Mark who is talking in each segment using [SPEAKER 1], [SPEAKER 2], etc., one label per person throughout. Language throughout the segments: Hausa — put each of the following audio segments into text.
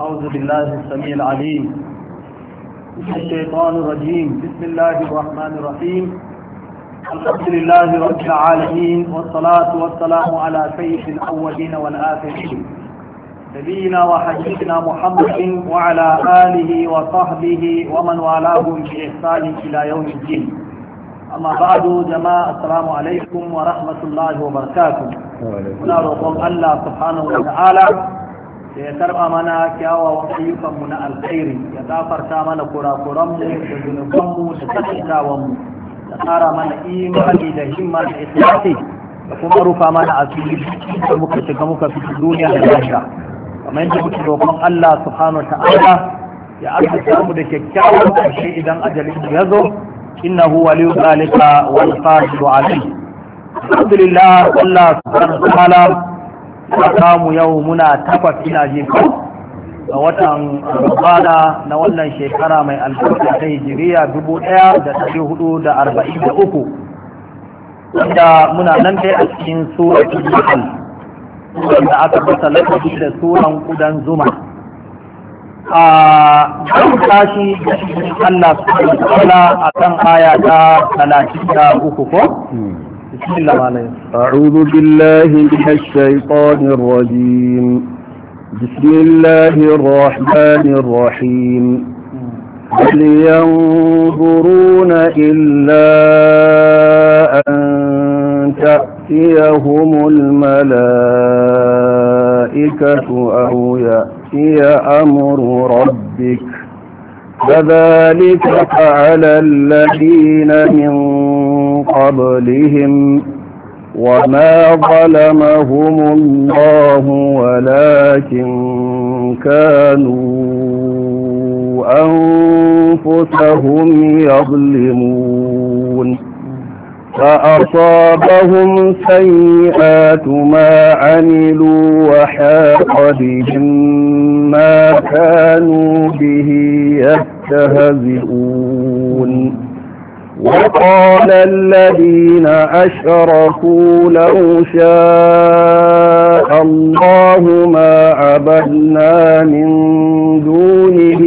[SPEAKER 1] أعوذ بالله السميع العليم الشيطان الرجيم بسم الله الرحمن الرحيم الحمد لله رب العالمين والصلاة والسلام على سيد الأولين والآخرين نبينا وحبيبنا محمد وعلى آله وصحبه ومن والاه بإحسان إلى يوم الدين أما بعد جماعة السلام عليكم ورحمة الله وبركاته barakatuh الله سبحانه وتعالى da ya karba mana kyawawan ayyukanmu na alkhairi ya gafarta mana kurakuranmu da zunubanmu da tsakantawanmu da tsara mana imani da himma da ikhlasi da kuma rufa mana asiri da muka shiga muka fi duniya da lafiya kamar yadda muke roƙon Allah subhanahu wa ta'ala ya arzuta mu da kyakkyawan ƙarshe idan ajalin ya zo innahu waliyu zalika wal qadiru alayh alhamdulillah Allah subhanahu wa ta'ala ta samu yau muna takwas ina jin ko a watan rubana na wannan shekara mai albarka ta hijiriya dubu ɗaya da ɗari hudu da arba'in da uku inda muna nan dai a cikin suratul nahl wanda aka fasa lafazi da suran kudan zuma a kan tashi Allah su wa a kan aya ta 33 ko hmm. بسم الله
[SPEAKER 2] أعوذ بالله من الشيطان الرجيم بسم الله الرحمن الرحيم هل ينظرون إلا أن تأتيهم الملائكة أو يأتي أمر ربك كذلك فعل الذين من قبلهم وما ظلمهم الله ولكن كانوا أنفسهم يظلمون فأصابهم سيئات ما عملوا وحاق بهم ما كانوا به يستهزئون وقال الذين أشركوا لو شاء الله ما عبدنا من دونه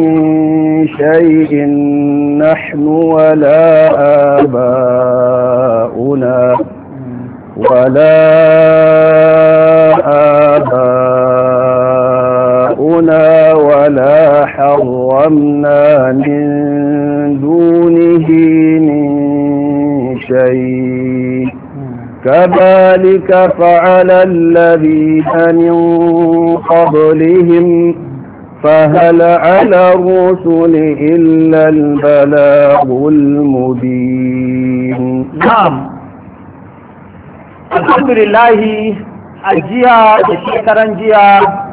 [SPEAKER 2] من شيء نحن ولا آباؤنا ولا آباؤنا ولا حرمنا من دونه من شيء كذلك فعل الذين من قبلهم فهل على الرسل إلا البلاغ المبين نعم الحمد لله الجيا الشكرا جيا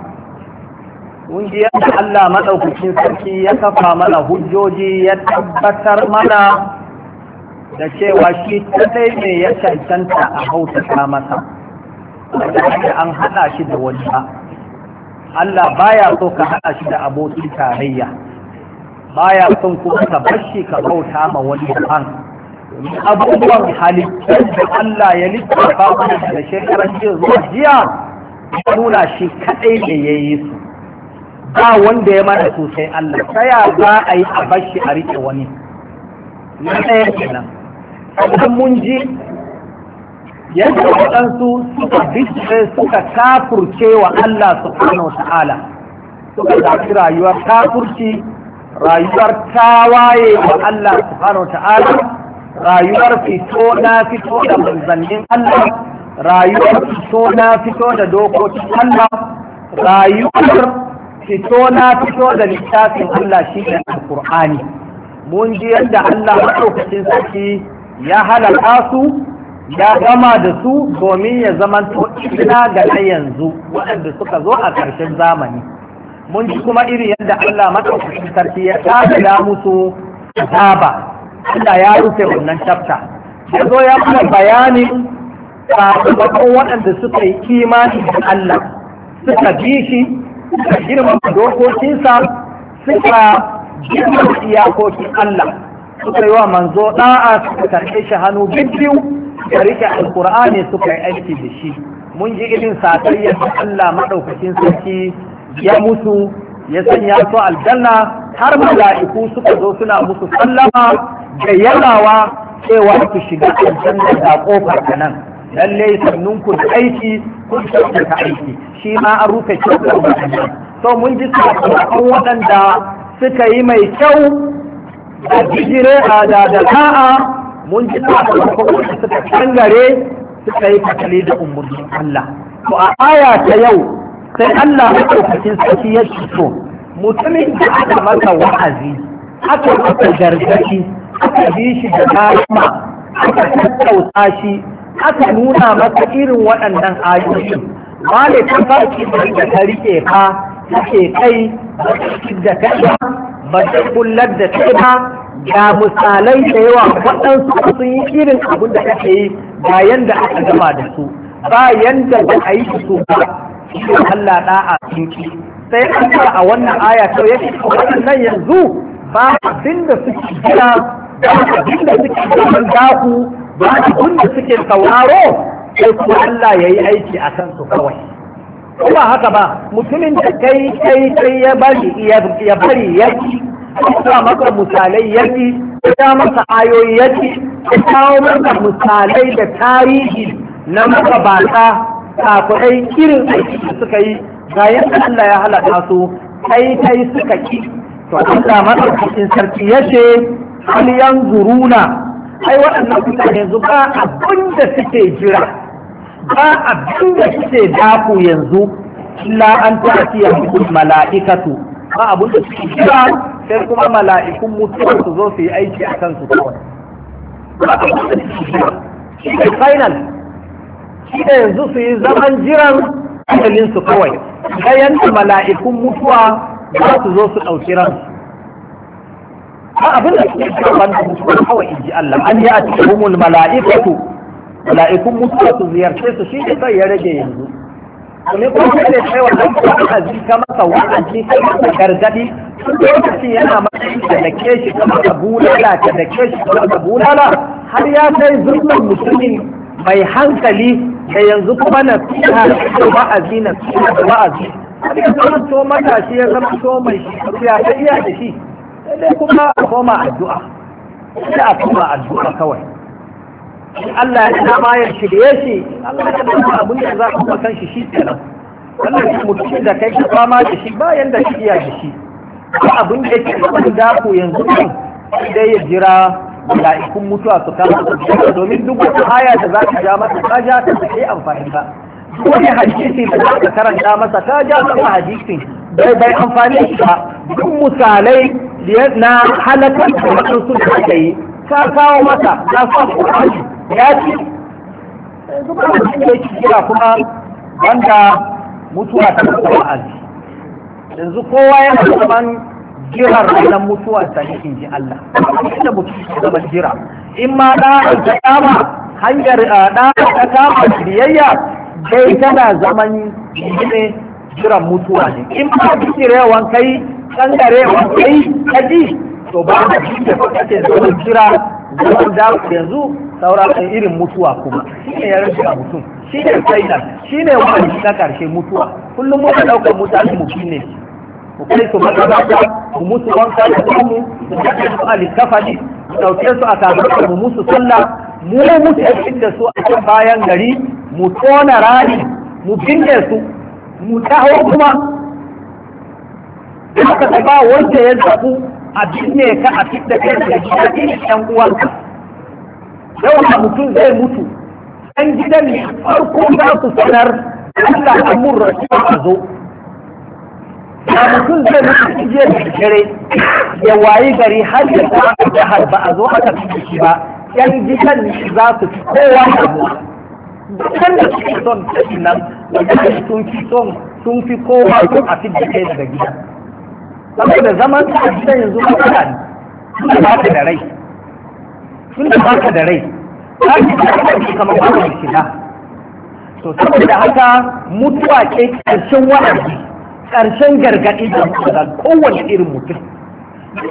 [SPEAKER 1] ƙungiyar da Allah maɗaukacin sarki ya kafa mana hujjoji ya tabbatar mana da cewa shi kadai ne ya cancanta a hautata masa da an haɗa shi da wani ba Allah baya so ka haɗa shi da abokin tarayya baya son kuma ka bashi ka bauta ma wani ban abubuwan halittar da Allah ya littafa da shekarar jiya zuwa jiya nuna shi kadai ne ya yi su ba wanda ya mana sosai Allah ta ya za a yi a bashi a riƙe wani na ɗaya kenan sannan mun ji yadda waɗansu suka bishe suka kafurce wa Allah subhanahu wa ta'ala suka zafi rayuwar kafurci rayuwar tawaye wa Allah subhanahu wa ta'ala rayuwar fito na fito da manzannin Allah rayuwar fito na fito da dokokin Allah rayuwar fito na fito da littafin Allah shi ne alkur'ani mun ji yadda Allah maɗaukacin sarki ya halarta su ya gama da su domin ya zama to ina ga na yanzu waɗanda suka zo a ƙarshen zamani mun ji kuma iri yadda Allah maɗaukacin sarki ya ƙasila musu azaba Allah ya rufe wannan chapter ya zo ya mana bayanin ba waɗanda suka yi kimanin da Allah suka bi shi suka girmama dokokinsa suka girmama iyakokin Allah suka yi wa manzo ɗa'a suka karɓe shi hannu biyu suka rike alkur'ani suka yi aiki da shi mun ji irin satayyar da Allah maɗaukacin sarki ya musu ya sanya su aljanna har mala'iku suka zo suna musu sallama da yallawa cewa ku shiga aljanna da kofar nan lallai sannunku da aiki kun tabbata aiki shi ma an rufe kyau so mun ji sakamakon waɗanda suka yi mai kyau da bijire a da da ta'a mun ji sakamakon waɗanda suka kangare suka yi fatali da umarnin Allah to a aya ta yau sai Allah maɗaukakin sarki ya fito mutumin da aka masa wa'azi aka masa gargaɗi aka bi shi da kama aka tattauta shi aka nuna masa irin waɗannan ayoyin ba ne ta da ta rike take kai da kai ba ba kullar da kai ba ga misalai da yawa waɗansu sun yi irin abin da kake yi ba yanda aka gama da su ba yanda ba a yi su ba Allah da'a a ki sai an a wannan aya to yake wannan yanzu ba abin da suke jira ba abin da suke gaban ba ba abin da suke sauraro sai kuma Allah ya yi aiki a kansu kawai kuma haka ba mutumin da kai kai kai ya bari ya bari ya ki ya maka misalai ya ci, ya masa ayoyi ya ci, ya kawo maka misalai da tarihi na maka bata kafirai irin aiki da suka yi ga Allah ya halaka su kai kai suka ki to Allah cikin sarki ya ce hal yanzuruna ai waɗannan mutane yanzu ba abin da suke jira ba abin da suke daku yanzu illa an ta'tiya bikum mala'ikatu ba abin da suke kira sai kuma mala'ikun mutuwa su zo su yi aiki a kansu kawai
[SPEAKER 3] ba abin da kuke jira
[SPEAKER 1] shi ne final shi ne yanzu su yi zaman jiran ajalin su kawai ga yanzu mala'ikun mutuwa za su zo su ɗauki ran ba abin da suke kira ban da mutuwa kawai in ji Allah an yi a cikin mala'ikatu mala'ikun mutuwa su ziyarce su shi ne sai ya rage yanzu ne ko sai da kai wannan wa'azi ka masa wa'azi ka masa gargadi lokacin yana masa da dake shi ka masa bulala ka dake shi ka masa bulala har ya kai zulmin musulmin mai hankali da yanzu kuma na fiha da wa'azi na fiha da wa'azi har ya zama to matashi ya zama to mai shi ya ta iya da shi sai kuma a koma addu'a sai a koma addu'a kawai Allah ya dama ya shirye shi Allah ya dama abin da za ka kan shi shi kenan wannan mutum da kai ka fama da shi bayan da shi da shi ko abin da yake cikin daku yanzu kan dai ya jira mala'ikun mutuwa su kama su domin duk wata haya da za ka ja masa ka ja ta sai amfani ba wani hadisi da za ka karanta masa ka ja masa hadisin bai bai amfani ba duk misalai na halakar da wasu da yi ka kawo masa na sa ku ya ce zuba da shi kira kuma wanda mutuwa ta kasa wa'azi yanzu kowa yana zaman jirar ranar mutuwa ta ne in ji Allah inda mutum ya zama jira in ma ɗa'ar ta kama hanyar ɗa'ar ta kama biyayya dai tana zaman ne jiran mutuwa ne in ma bikirewan kai kangarewan kai kaji to ba da shi da kake zama jira zaman da yanzu saura kan irin mutuwa kuma shi ne ya rage a mutum shi ne final shi ne wani na karshe mutuwa kullum muka ɗaukar mutane mu ne ku kai su makarata ku musu wanka da samu su kaɗe su a littafani mu dauke su a kamar mu musu sallah mu musu yakin da su a kan bayan gari mu tona rani mu binne su mu taho kuma haka ba wanda ya zaɓu a binne ka a fitta kai da gida ɗin ɗan uwanka yau da mutum zai mutu ɗan gidan ne farko za su sanar Allah ta murra shi a zo da mutum zai mutu jiya da dare ya wayi gari har a ta har ba a zo aka fi shi ba ɗan gidan ne za su fi kowa damuwa dukkan da suke son tashin nan wanda sun fi son sun fi kowa sun a fidda kai daga gida saboda zaman ta a yanzu matsala ne ba ta da rai Sun da baka da rai ta ji da kamar ba ka shiga to saboda haka mutuwa ke karshen wa'azi karshen gargaɗi da kowane irin mutum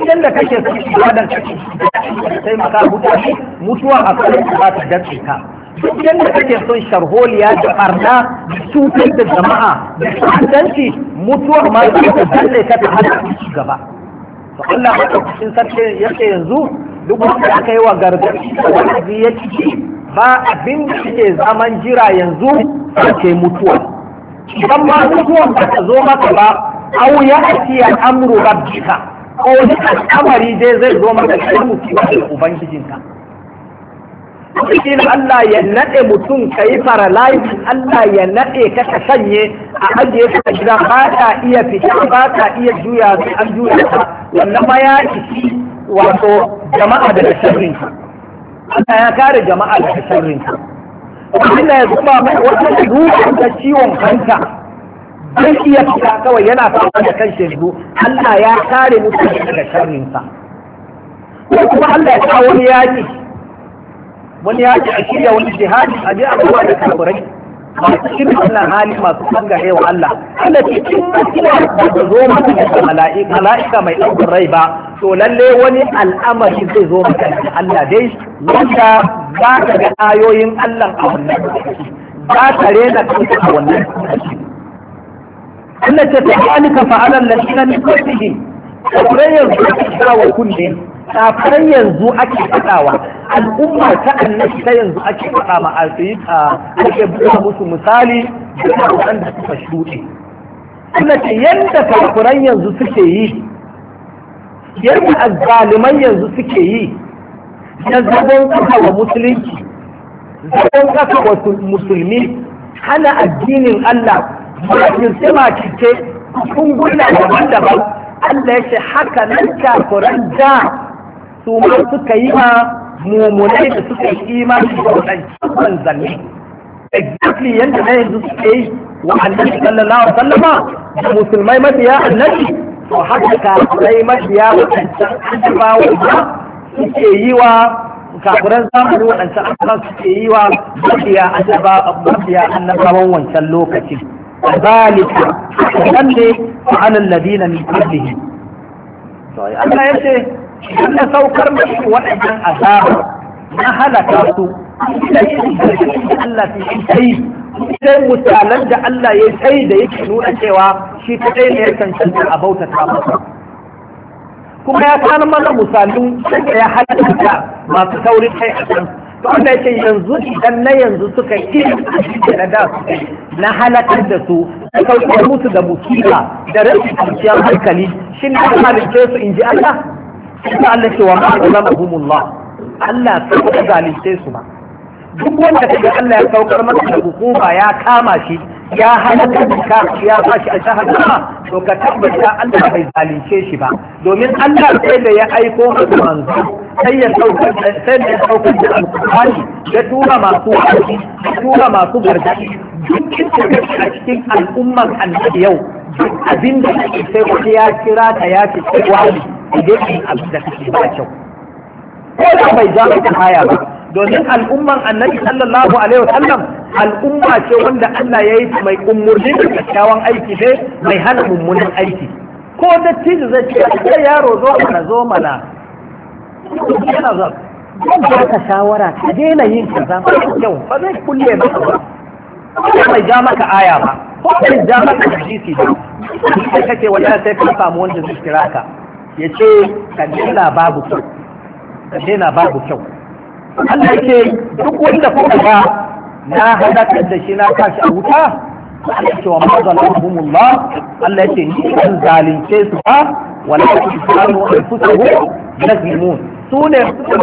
[SPEAKER 1] idan da kake son ibadar kake sai maka mutane mutuwa a kan ba ta dace ka idan da kake son sharholiya da barna da cutar da jama'a da kusanci mutuwar ma za ta zalle ka ta hada gaba to Allah ya kusin sarki yake yanzu duk wanda aka yi wa gargaɗi wanda ya ciki ba abin da ke zaman jira yanzu ke mutuwa idan ma mutuwan ba ta zo maka ba au ya ati al'amru rabbika ko wani al'amari dai zai zo maka da mutuwa da ubangijinka cikin Allah ya naɗe mutum ka yi paralyzing Allah ya naɗe ka ka sanye a ajiye ka a gida ba ta iya fita ba ta iya juya an juya ta wannan ma ya ci? wato jama'a daga sharrin Allah ya kare jama'a daga sharrin wani Allah ya zuba mai wata dukan ta ciwon hanta zai iya fita kawai yana fama da kan shirgu Allah ya kare mutane daga sharrinsa. ko kuma Allah ya kawo wani yaki wani yaki a shirya wani jihadi a je abubuwa da kafirai masu shirkin nan hali masu kangare wa Allah Allah ce in mutuwa ba ta zo maka da mala'ika mala'ika mai ɗaukar rai ba to lalle wani al'amari zai zo maka da Allah dai wanda za ta ga ayoyin Allah a wannan za ta rena kanka a wannan Allah ce ta halika fa'alan lasina min kullihi kamar yanzu ka wa kullin kafar yanzu ake fadawa al'umma ta annabi ta yanzu ake fada ma ta ake buɗe musu misali da kafuran da suka shuɗe suna ce yadda kafuran yanzu suke yi yadda azzaliman yanzu suke yi na zagon kasa wa musulunci zagon kasa wa musulmi hana addinin Allah makirce makirce kunguna daban-daban Allah ya ce haka nan kafuran da su ma suka yi ma mummunai da suka yi imani da wadancan manzanni exactly yadda na yanzu suka yi wa annabi sallallahu alaihi wasallama da musulmai mabiya annabi to haka kafirai mabiya wadancan annabawa da suke yi wa kafiran zamani wadancan annabawa suke yi wa mabiya annabawa mabiya annabawan wancan lokacin ذلك فعل الذين من قبلهم. الله يبدأ idan na saukar mashi waɗannan azabar na halaka su da Allah su sai sai da Allah ya sai da yake nuna cewa shi kadai ne ya cancanta a bauta ta masa kuma ya kana mana misalu da ya halaka masu saurin kai a can to Allah yake yanzu idan na yanzu suka yi da da su na halakar da su da kawai musu da musiba da rashin kwanciyar hankali ne na halice su in ji Allah kuma Allah ce wa ma zalamahumullah Allah kuka zalunce su ba duk wanda da Allah ya saukar masa da hukuma ya kama shi ya halaka ka ya ba shi alshahada to ka tabbata Allah bai zalunce shi ba domin Allah sai da ya aiko masa manzo sai ya saukar sai da saukar da alqur'ani ya tura masu wa'azi ya tura masu gargadi duk inda a cikin al'ummar annabi yau abin da sai wani ya kira ta ya ce wani idan abin da kake ba kyau ko da bai ja maka haya ba domin al'umman annabi sallallahu alaihi wasallam al'umma ce wanda Allah ya yi mai umurni da kyakkyawan aiki ne mai hana mummunan aiki ko da tizi zai ce yaro zo mana zo mana yana zo zan ba ka shawara ka daina yin kaza ba kyau ba zai kulle ba ko bai ja maka aya ba ko bai ja maka hadisi ba sai kake wata sai ka samu wanda zai kira ka ya ce ka babu kyau ka babu kyau Allah ce duk wanda kuka ga na halakar da shi na kashi a wuta Allah ce wa mazalahumullah Allah ce ni kan zalince su ba wala tusanu anfusuhum yazlimun su ne suka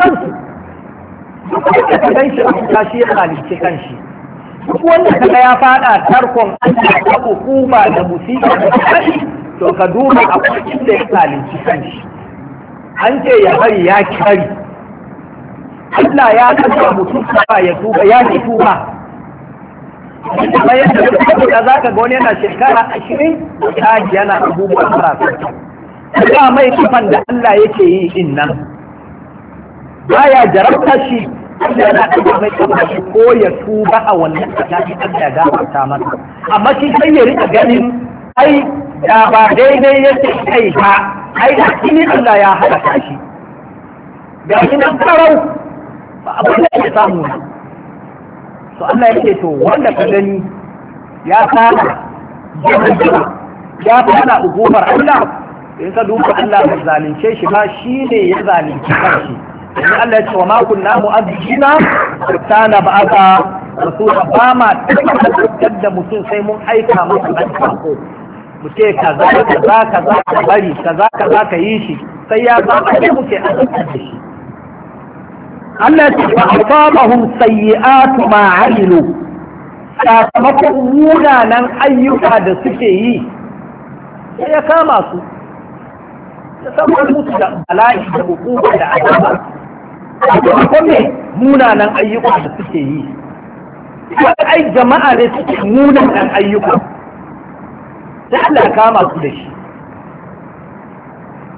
[SPEAKER 1] kansu suka a wuta shi ya zalince kanshi duk wanda kaga ya fada tarkon Allah ta hukuma da musiba da kashi to ka duba akwai da ya zalunci kanshi an ce ya bari ya kari Allah ya kasa mutum ba ya tuba ya ki tuba bayan da da za ka ga wani yana shekara ashirin ta yana abubuwan marasa ba mai kafan da Allah yake yi din nan baya jarabta shi Allah yana tuba mai kamar ko ya tuba a wannan tsakanin Allah ya ta masa amma shi sai ya rika ganin ai da ba daidai yake kai ba ai da shi Allah ya halaka shi ga shi nan karau ba abin da ya samu So to Allah yake to wanda ka gani ya
[SPEAKER 3] kana
[SPEAKER 1] ya kana ugubar Allah in ka duba Allah ya zalunce shi ba shi ne ya zalunce kanshi Wani Allah ya ce wa makon namu azikina na? ba aka rasula ba ma tattakar da mutum sai mun aika masa ɗan sako. Mu ce kaza kaza kaza ka bari kaza kaza ka yi shi sai ya zama ne muke azikar da shi. Allah ya ce ba a sabahun sayyi'atu ma amilu sakamakon munanan ayyuka da suke yi sai ya kama su. ya samu mutu da bala'i da hukuma da azaba Akwai ne munanan ayyuka da suke yi ai jama'a ne suke munanan ayyuka da Allah kama su da shi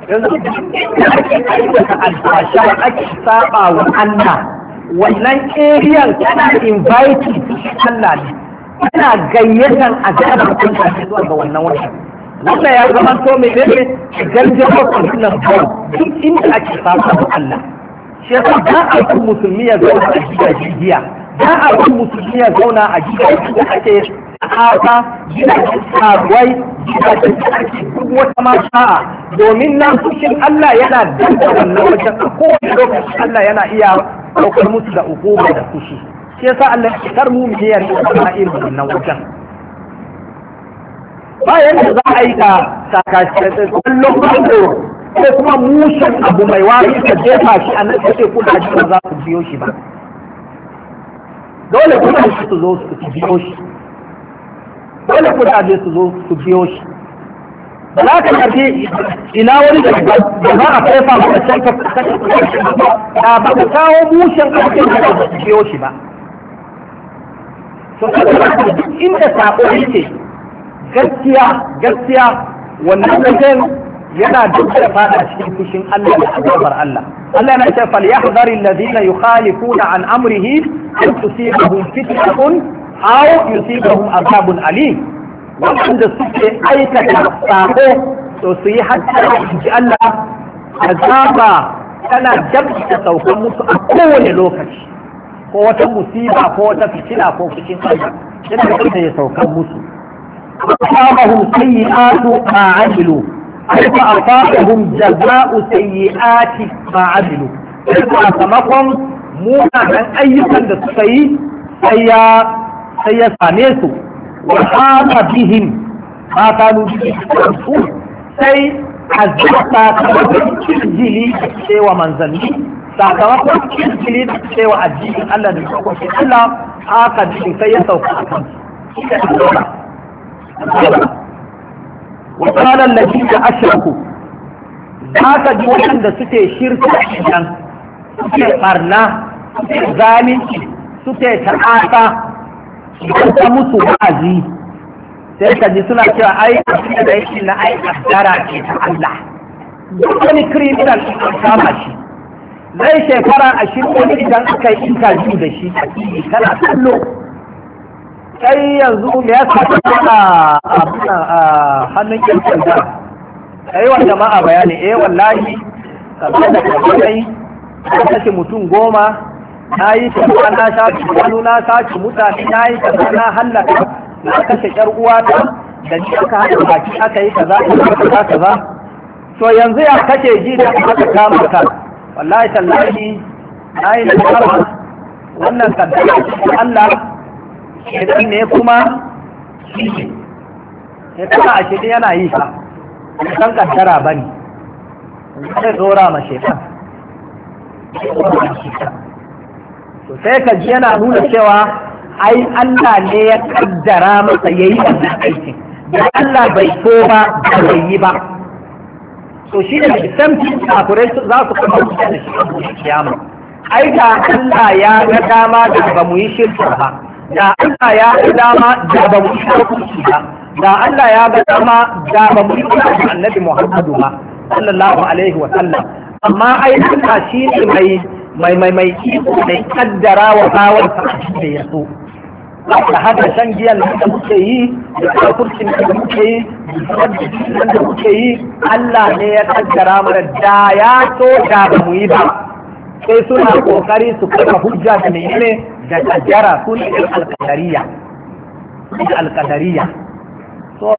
[SPEAKER 1] yanzu da ake aikata alfasha ake saba wa Allah wannan eriyan tana invite Allah ne tana gayyatan azabar kun ta zuwa ga wannan wannan wannan ya zama to mai ne gangan bakon nan duk inda ake saba wa Allah shi za a kun musulmi ya zauna a gida giya za a kun musulmi ya zauna a gidajen da ake haka gidajen karuwai gidajen da ake duk wata mata domin nan fushin Allah yana danta wannan wajen a kowane lokaci Allah yana iya ɗaukar musu da ukuba da fushi shi yasa Allah ya kar mu mu yari a irin wannan wajen bayan da za a yi ka sakashe tsallon bango ko kuma mushen abu mai wari ka jefa shi a nan kace kuna ji ba za ku biyo shi ba dole kuna ji su zo su biyo shi dole kuna ji su zo su biyo shi ba za ka tafi ina wani da ba za a kai fa ba can ka kashe ba ba ka kawo mushen abu da za ku biyo shi ba to kada inda sabo yake gaskiya gaskiya wannan kan yana duk da fada cikin fushin Allah da azabar Allah Allah yana cewa falyahdhar alladhina yukhalifuna an amrihi an tusibahum fitnatun aw yusibahum azabun alim wanda suke aikata sako to su yi hatta ji Allah
[SPEAKER 2] azaba
[SPEAKER 1] tana dabta saukan musu a kowane lokaci ko wata musiba ko wata fitila ko fushin Allah yana da ya saukan musu. Asabahum sayyi'atu ma amilu فأصابهم جزاء سيئات ما عملوا sakamakon munanan ayyukan da suka yi sai ya same su wa fata bihin ma kanu su sai a azaba sakamakon kirjili da cewa manzanni sakamakon kirjili da cewa addinin Allah da kwashe Allah haka jikin sai ya sauka a su.
[SPEAKER 3] wa tsalan lafi da ashirku
[SPEAKER 1] za ka ji waɗanda suke shirka idan suke ɓarna suke zaminci suke ta'asa idan mutu musu wa'azi sai ka ji suna cewa ai abin da yake na ai kaddara ce ta Allah wani criminal an kama shi zai shekara ashirin wani idan aka yi interview da shi a kana kallo kai yanzu me ya sa kana a hannun yan sanda kai wa jama'a bayani eh wallahi kamar da kai ka kace mutum goma na yi tafiya na shafi hannu na mutane na yi tafiya na hallaka na kashe yar uwata da ni aka haɗa baki aka yi kaza kaza kaza to yanzu ya kace ji da aka kama ka wallahi tallahi na yi nasara wannan kaddara Allah shaitan ne kuma ya ne kuma a shaitan yana yi ka san kantara ba ne zai tsora ma shaitan to sai ka ji yana nuna cewa ai Allah ne ya kaddara masa ya yi wannan aikin da Allah bai so ba da bai yi ba So shi ne samfin kafirai za su kuma wuce da shi a kiyama ai da Allah ya ga dama da ba mu yi shirka ba da Allah ya ga dama da ba mu yi ba da Allah ya ga dama da ba mu yi annabi Muhammadu ba sallallahu alaihi wa sallam amma ai Allah shi ne mai mai mai mai mai kaddara wa bawan sa da ya so da haka shan giyan da muke yi da kafurcin da muke yi da muke yi Allah ne ya kaddara mana da ya so da ba mu yi ba sai suna kokari su kuma hujja da menene da kajara su ne ɗin alƙadariya so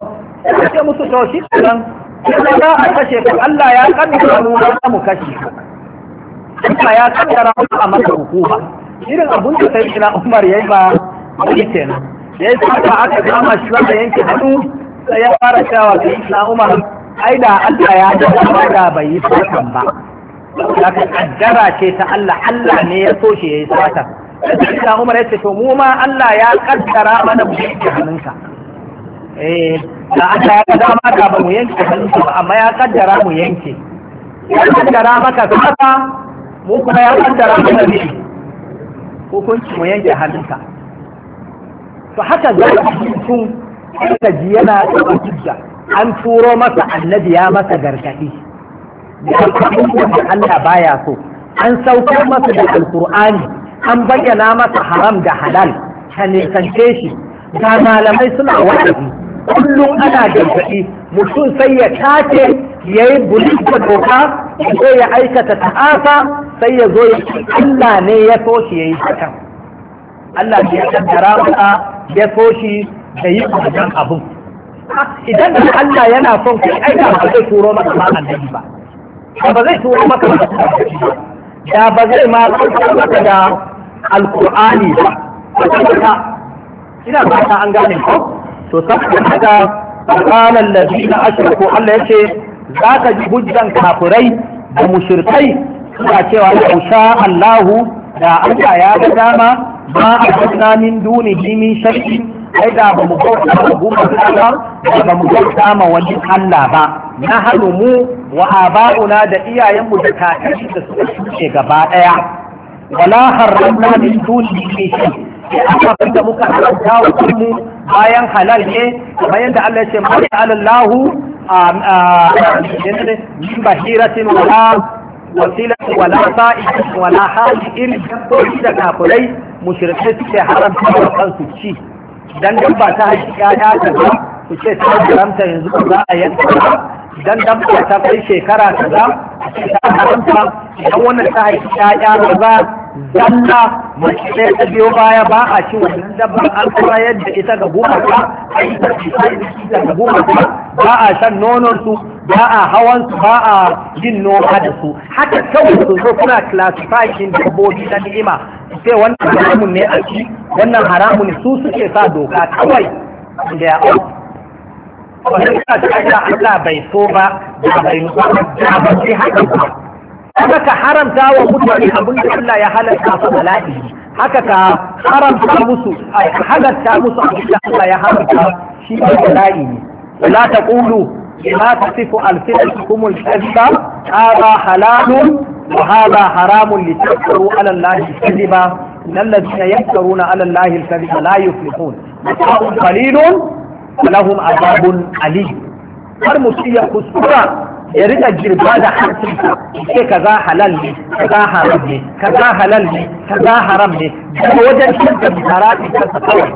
[SPEAKER 1] ya ce musu to shi kan kuma za a kashe ku Allah ya kaddara mu za mu kashe ku Allah ya kaddara mu a masa hukuma irin abun da sai ina Umar yayi ba wani kenan yayi saka aka kama shi wanda yanke hannu sai ya fara cewa sai ina Umar ai da Allah ya da bai yi ba haka kaddara ce ta Allah Allah ne ya so shi yi sata sai Umar ya ce to mu ma Allah ya kaddara mana mu yanke hannunka eh da Allah ya kaddara ka ba mu yanke hannunka ba amma ya kaddara mu yanke ya kaddara maka sata mu kuma ya kaddara mana ne hukunci mu yanke hannunka to haka za ka tun ka ji yana da an turo masa annabi ya masa gargadi da da Allah baya so an saukar masa da alkur'ani an bayyana masa haram da halal ta nisance shi ga malamai suna wa'azi kullum ana gargaɗi mutum sai ya tace ya yi bulita doka ya ya aikata ta'afa sai ya zo ya ce Allah ne ya so shi ya yi hakan Allah ya kaddara masa ya so shi da yi wannan abun idan Allah yana son kai aika ba zai turo maka ba annabi ba da ba zai turo maka da ba zai ma turo maka da alkur'ani ba ina fata an gane ko to saboda haka qala allazina ashraku Allah yace zaka ji hujjan kafirai da mushrikai
[SPEAKER 2] suna cewa insha
[SPEAKER 1] Allahu da Allah ya ga dama ba a min duni min shay'in ai da ba mu bauta ma gumar Allah da ba mu bauta ma wani Allah ba na hannu mu wa aba'una da iyayenmu da kakanni da suka shuke gaba daya wala harramna min dunihi shay'in abin da muka haramta wa kanmu bayan halal ne bayan da Allah ya ce mai alallahu min bahiratin wala wasila wala sa'i wala hali irin dabbobi da kafirai mushrikai suke haramta wa kansu ci dan dabba ta hakika ya kaza ku ce ta haramta yanzu ba za a yanka dan dabba ta kai shekara ta za ta haramta dan wannan ta haƙiƙa ya kaza zalla mace ɗaya ta biyo baya ba a ci wannan an koyar da ita ga gumaka a yi ta ba a shan su. ba a hawan su ba a yin noma da su haka kawai su zo suna classifying dabbobi na ni'ima sai wannan haramun ne a ci wannan haramun su suke sa doka kawai da ya ba ta Allah bai so ba da bai ba haka ba haka ka haramta wa mutane abin da Allah ya halatta su bala'i haka ka haramta musu halatta musu abin da Allah ya haramta shi ne bala'i ne la taqulu ma tasifu alsinatukum al-kadhiba hadha halalun wa hadha haramun litaftaru ala Allah al-kadhiba الذين يفترون على الله الكذب لا يفلحون متاع قليل ولهم عذاب أليم har mutum ya kuskura ya rika girba da hancinsa ce ka za halal ne za haram ne za halal ne za haram ne daga wajen shan da misarafi kansa kawai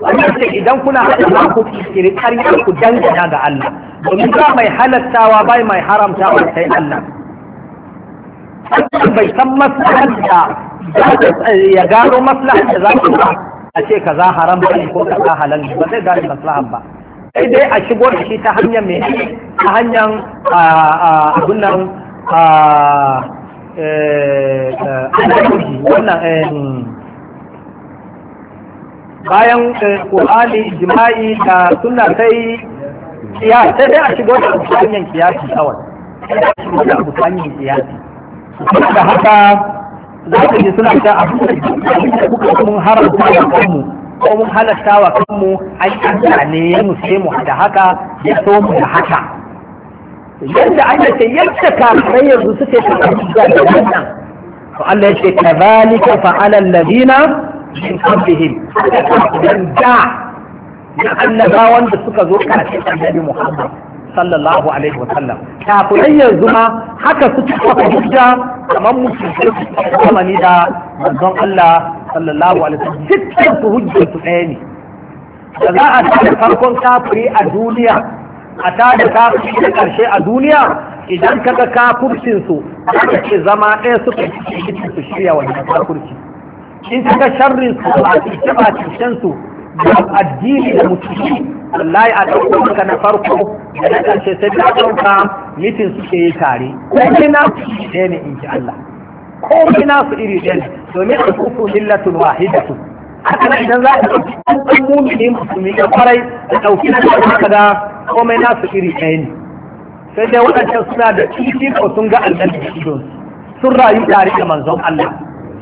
[SPEAKER 1] wannan ce idan kuna haɗa ma ku kiri karya ku dangana ga Allah domin ba mai halattawa bai mai haramta haramtawa sai Allah bai san maslahar da ya gano maslahar za ku ba a ce ka za haram ne ko ka za halal ne ba zai gane maslahar ba
[SPEAKER 2] sai dai a shigo
[SPEAKER 1] da shi ta hanyar mai ta hanyar abin nan eh, eh, wannan eh, bayan ƙur'ani jima'i da suna sai ya sai dai a shigo da abu hanyar kiyasi kawai a da abu hanyar kiyasi da haka za ka ji suna ta abu da kuka kuma haramta da kanmu ko mun halatta wa kanmu ai Allah ne ya nufe mu da haka ya so mu da haka yadda Allah ce yadda kafirai yanzu suke tafiya da wannan to Allah ya ce ta kadhalika fa'ala alladhina min qablihim dan da na annabawan wanda suka zo kafin annabi Muhammad sallallahu alaihi wa sallam kafirai yanzu ma haka suke tafiya kamar musulmai da manzon Allah sallallahu alaihi wasallam dukkan su hujjar su ɗaya ne da za a tada farkon kafiri a duniya a tada kafiri da ƙarshe a duniya idan kaga kafurcin su aka ce zama ɗaya suka yi su shirya wannan kafurci in kaga sharrin su a cikin bacin su da addini da mutunci wallahi a ɗauko maka na farko da na ƙarshe sai da ɗauka mitin suke yi tare Ko ina? ɗaya ne in ji Allah komai nasu iri ɗaya domin a kuku millatun wahidatu haka nan idan za a ɗauki an ɗan mumini musulmi da kwarai da ɗauki na ɗan ka da komai nasu iri ɗaya ne sai dai waɗancan suna da ciki ko sun ga aljan da idon sun rayu tare da manzon Allah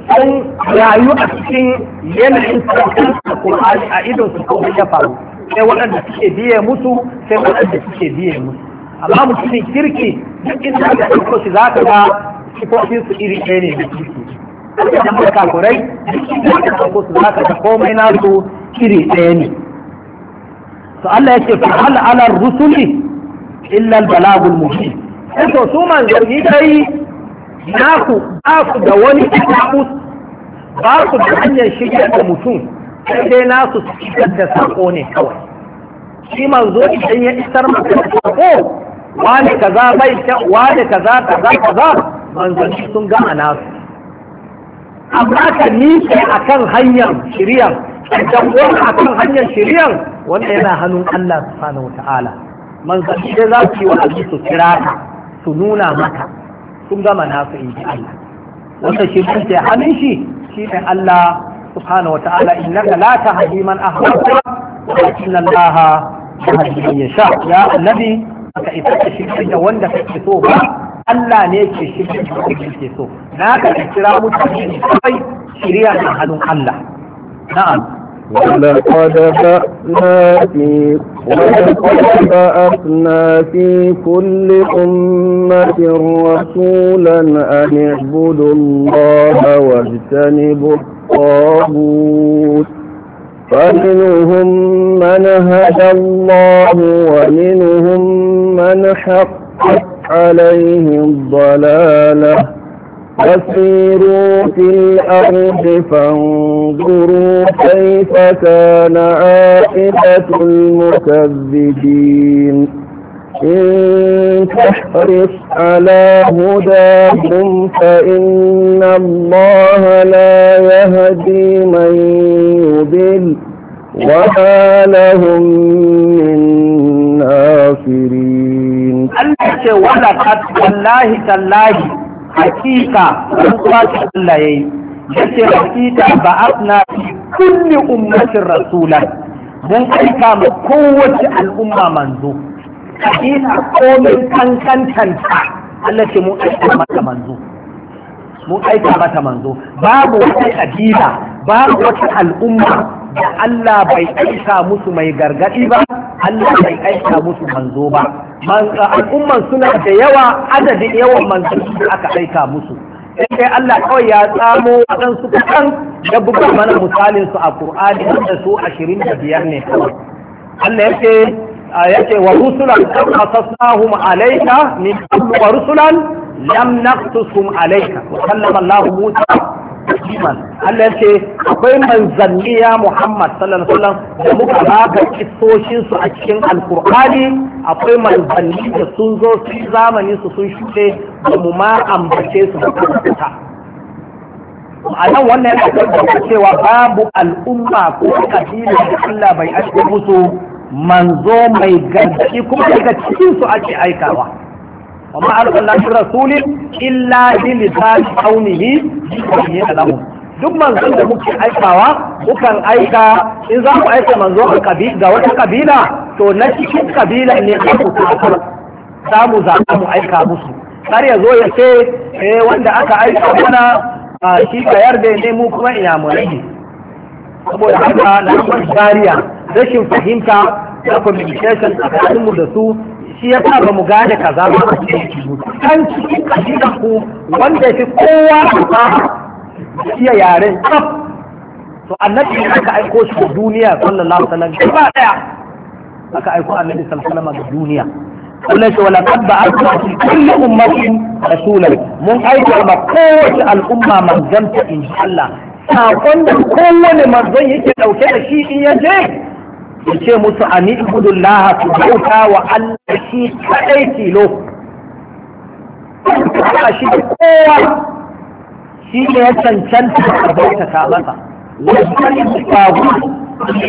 [SPEAKER 1] sun rayu a cikin yanayin sauƙin kur'ani a idon su komai ya faru sai waɗanda suke biye musu sai waɗanda suke biye musu amma mutumin kirki duk inda da ɗauko shi za ka ga sifofin su iri ɗaya ne da su da kuma kakurai da ka su za ka ta komai na su iri ɗaya ne to Allah ya ce fa hal ala rusuli illa al balagul mubin sai eh, to su manzanni dai naku ba ku da wani kakus ba ku da hanyar shigar da mutum sai dai nasu su shigar da sako ne kawai shi manzo idan ya isar maka da sako wani kaza bai kyau wani kaza kaza kaza manzanni sun gama nasu
[SPEAKER 2] amma ka nike a
[SPEAKER 1] kan hanyar shiriyar idan wani a kan hanyar shiriyar wanda yana hannun Allah subhanahu wata'ala manzanni dai za su yi wa'azi su kira ka su nuna maka sun gama nasu in ji Allah wanda shi kun ce hannun shi shi ne Allah subhanahu wata'ala innaka la tahdi man ahbabta walakin Allah yahdi man yasha ya annabi baka isa ka shirya da wanda kake so ba Allah ne ke shirya da wanda kake so na ka kira mutane ne kawai shirya da hannun Allah na'am
[SPEAKER 2] ولقد بأسنا في ولقد بأسنا في كل أمة رسولا أن اعبدوا الله واجتنبوا الطاغوت فمنهم من هدى الله ومنهم من حقت عليه الضلالة فسيروا في الأرض فانظروا كيف كان عاقبة المكذبين إن تحرص على هداهم فإن الله لا يهدي من مضل وما لهم من ناصرين Allah ce walakat wallahi tallahi hakika sun kwace Allah
[SPEAKER 1] yayi yace hakika ba asna kulli ummatin rasulan mun aika ma kowace al'umma manzo hakika komai kankantanta Allah ce mun aika mata manzo mun aika mata manzo babu wata kabila babu wata al'umma da Allah bai aika musu mai gargadi ba Allah bai aika musu manzo ba al'umman suna da yawa adadin yawan manzo da aka aika musu sai Allah kawai ya tsamo waɗansu kaɗan da buga mana misalin su a Qur'ani da su ashirin da biyar ne kawai Allah yake yake wa rusulan qad qasasnahum alayka min qablu wa rusulan lam naqtusum alayka wa sallama Allah Musa khatima Allah ce akwai manzanni ya Muhammad sallallahu alaihi wasallam da muka baka kissoshin su a cikin alkur'ani akwai manzanni da sun zo su zamanin su sun shuɗe da mu ma ambace su da a nan wannan yana tabbata cewa babu al'umma ko kabila da Allah bai aiko musu manzo mai gargaɗi kuma daga cikin su ake aikawa وما على الله من رسول إلا بلسان قومه وهي لهم duk manzon da muke aikawa mukan aika in za mu aika manzo ga wata kabila to na cikin kabila ne a kusa za mu za mu aika musu har ya zo ya ce eh wanda aka aika mana shi ka yarda ne mu kuma iyamurai ne saboda haka na kuma shari'a rashin fahimta da communication a mu da su shi ya sa ba mu gane kaza ba a cikin kan cikin kashidan ku wanda fi kowa ba iya yaren tsaf to annabi ne aka aiko shi duniya sallallahu alaihi wasallam ba daya aka aiko annabi sallallahu alaihi wasallam da duniya Allah ce wala qad ba'athna fi kulli ummatin rasulan mun aika ma kowace al'umma manzanta insha Allah sakon da kowane manzon yake dauke da shi in ya je ya ce musu a ni'budullaha su bauta wa Allah shi kadai tilo Allah shi da kowa shi ne ya cancanta a bauta ta masa wajen tagutu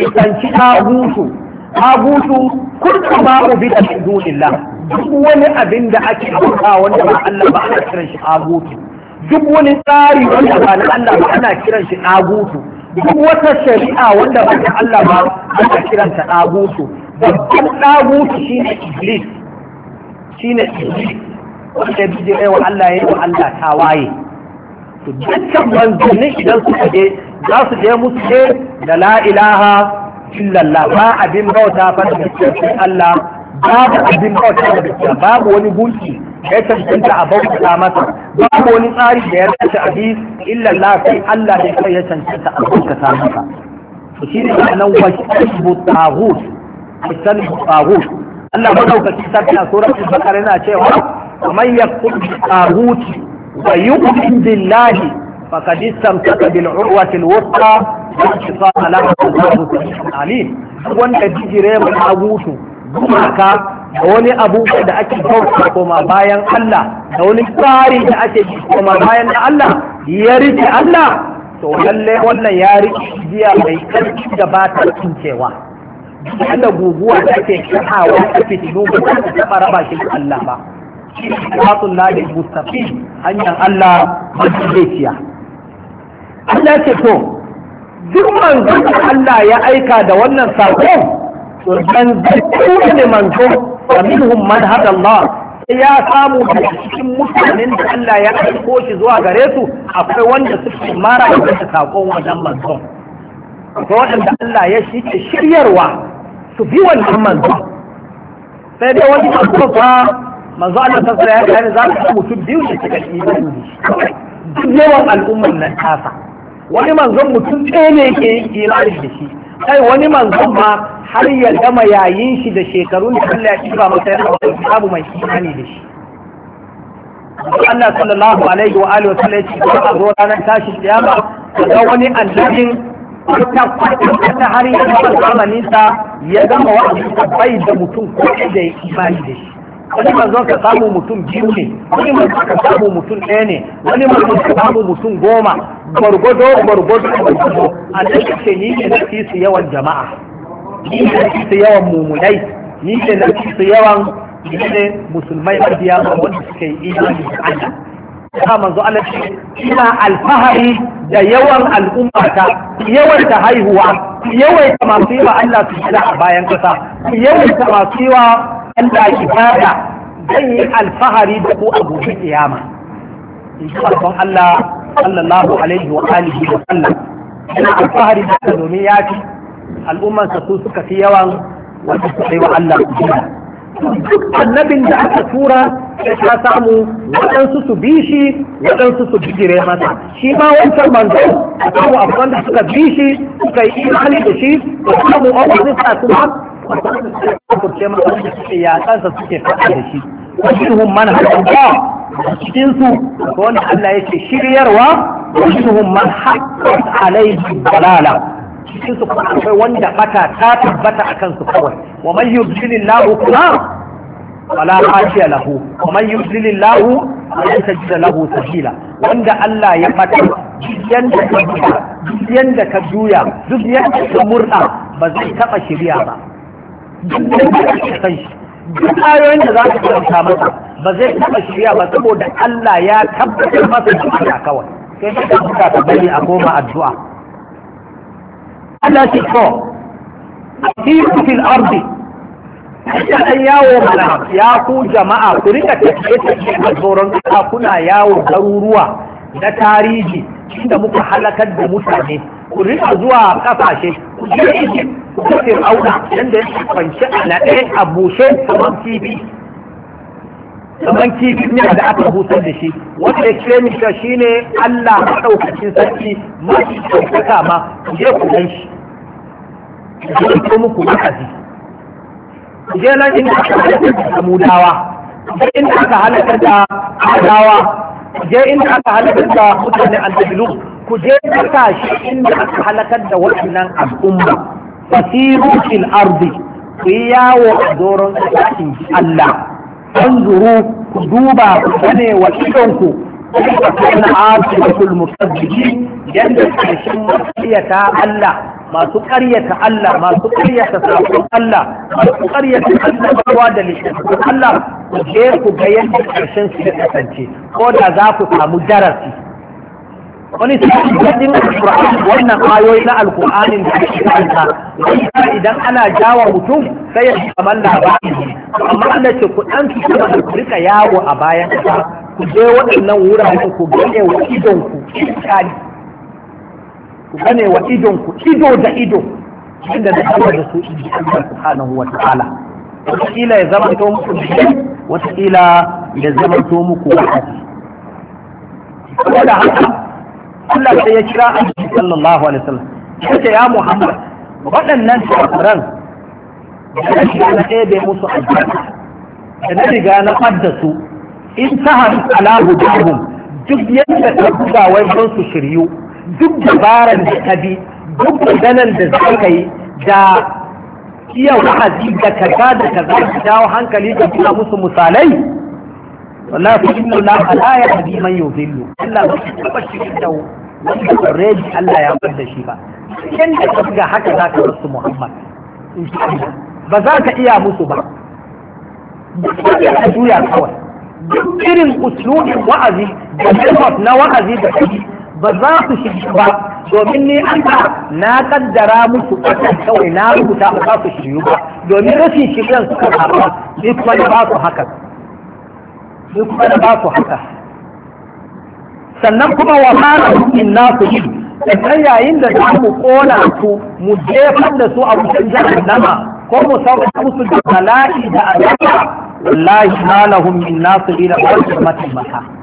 [SPEAKER 1] ya canci tagutu tagutu kurka mu bi da min dunillah duk wani abin da ake bauta wanda ba Allah ba ana kiran shi tagutu duk wani tsari wanda ba na Allah ba ana kiran shi tagutu duk wata shari'a wanda ba Allah ba ana kiranta ɗagutu babban ɗagutu shine iblis shine iblis wanda ya bijire wa Allah ya yi wa Allah ta waye, to dukkan manzanni idan suka je za su je musu ne da la ilaha illallah ba abin bauta fa da Allah babu abin bauta da babu wani gunki ya cancanta a bauta masa babu wani tsari da ya dace a bi illa Allah sai Allah ne kai ya cancanta a bauta masa to shi ne nan wajbu taghut misal taghut Allah madaukaki sarki a surar al-baqara yana cewa man yakfur bi taghut wa yu'min billahi faqad istamsaka bil urwati al-wuthqa wa intiqama lahu Allahu alim wanda bijire mu tagutu gumaka da wani abu da ake bauta koma bayan Allah da wani tsari da ake koma bayan Allah ya rike Allah to lalle wannan ya rike jiya mai karfi da ba ta cincewa Allah guguwa da ake kahawa ta fitilu ba ta taɓa raba shi da Allah ba Rasul Ladi Mustafi hanyar Allah majalisiya Allah ce to duk manzon Allah ya aika da wannan sako to dan zai ne manzo wa minhum man hada Allah sai ya samu cikin mutanen da Allah ya aiko shi zuwa gare su akwai wanda suke mara da sakon wannan manzon akwai wanda Allah ya shi shiryarwa su bi wannan manzon sai dai wani manzon fa manzo Allah ta tsaya kai za su mutum biyu ne suka yi imani duk yawan al'ummar nan tasa wani manzon mutum ɗaya ne yake yin imani da shi kai wani manzon ma har ya gama yayin shi da shekarun da Allah ya kiba masa ya zama babu mai imani da shi Allah sallallahu alaihi wa alihi wa sallam ya ce a zo ranar tashi kiyama ga wani annabin ta kwata har ya gama zamanin sa ya gama wa'azi bai da mutum ko da ya imani da shi wani mazo ka samu mutum biyu ne wani mazo ka samu mutum ɗaya ne wani mazo ka samu mutum goma gwargwado gwargwado gwargwado annabi ce ni ne na fi su yawan jama'a ni ne na fi su yawan mumunai ni ne na fi su yawan ne musulmai mabiya ga wanda suke yi imani da Allah ta manzo Allah ce ina alfahari da yawan al'ummata yawan ta haihuwa yawan ta masu yi wa Allah su a bayan kasa yawan ta masu yi wa Allah ki fada zan yi alfahari da ku a gobe kiyama in ji farkon Allah sallallahu alaihi wa alihi wa sallam yana alfahari da ta domin ya fi al'umman sa su suka fi yawan wanda su kai wa Allah su jira duk annabin da aka tura ya ta samu waɗansu su bi shi waɗansu su bijire masa shi ma wancan manzo a samu abubuwan da suka bi shi suka yi imani da shi da samu abubuwan da suka wanda suke kafurce masa wanda suke yaƙansa suke faɗa da shi wa minhum man haqqaqa cikin su ko wanda Allah yake shiryarwa wa minhum man haqqat alayhi dalala cikin su kuma akwai wanda bata ta tabbata a kan kawai wa man yudlilillahu kuma wala hadiya lahu wa man lahu wanda Allah ya ka juya duk ka duk ba zai taɓa shiriya ba duk ayoyin da za su karanta masa ba zai taɓa shirya ba saboda Allah ya tabbatar masa shirya kawai sai shi ka buka ka bari a koma addu'a Allah shi ko asiru fil ardi
[SPEAKER 2] Ita ɗan yawo mana
[SPEAKER 1] ya ku jama'a ku rika tafiye-tafiye a tsoron kuna yawo garuruwa na tarihi inda muka halakar da mutane ku rika zuwa kasashe ku je Egypt ku je Fir'auna yanda yake kwance a naɗe a bushe kamar kifi kamar kifi ne da aka busar da shi wanda ya kire ni shi ne Allah maɗaukacin sarki mafi ɗaukaka ma ku je ku gan shi ku je ku muku wa'azi ku je nan inda aka halaka da Samudawa ku je inda aka halaka da Adawa ku je inda aka halaka da mutane Andabilu ku je kasashe inda aka halakar da waɗannan al'umma fasiru fil ardi ku yi yawo a doron kasashen Allah an anzuru ku duba ku gane wa idonku kuma kana asibatul mukazzibi yanda kashin wasiyata Allah masu ƙaryata Allah masu ƙaryata sakon Allah masu ƙaryata annabawa da littattafan Allah ku je ku ga yadda ƙarshen su ya kasance ko da za ku samu darasi wani sa'adin alkur'ani wannan ayoyi na alkur'anin da ake kanta wani idan ana jawa mutum sai ya kamar labari amma Allah ce ku dan su kuma ku rika yawo a bayan ka ku je waɗannan wuraren ku gane wa idon ku kali ku gane wa idon ku ido da ido inda da Allah da su in Allah subhanahu wa ta'ala wataƙila ya zama to muku wataƙila ya zama to muku wa'azi saboda haka Allah sai ya kira annabi sallallahu alaihi wasallam yace ya Muhammad waɗannan kafiran da shi na bai musu aljanna da na riga na fadda su in ta haru ala hudahum duk yadda ka buga wai don su shiryu duk dabaran da ka bi duk maganan da za ka yi da iya wa'azi da kaza da kaza da jawo hankali da kuma musu misalai wallahi ko inna allaha la yahdi man yudhillu Allah ba shi ba shi da wanda reji Allah ya bar da shi ba kin da kaga haka za ka rasu Muhammad ba za ka iya musu ba ka juya kawai duk irin usulin wa'azi da method na wa'azi da kaji ba za su shiga ba domin ni an ta na kaddara musu ƙasar kawai na rubuta ba za su shiryu ba domin rashin shiryan suka zaɓa ni kuma ba su haka sai kuma da ba ku haka sannan kuma wa mara in na ku yi sannan yayin da za mu kona su mu jefar da su a wutan jahannama ko mu sauka musu da bala'i da azaba wallahi ma lahum min nasirin wa rahmatin maha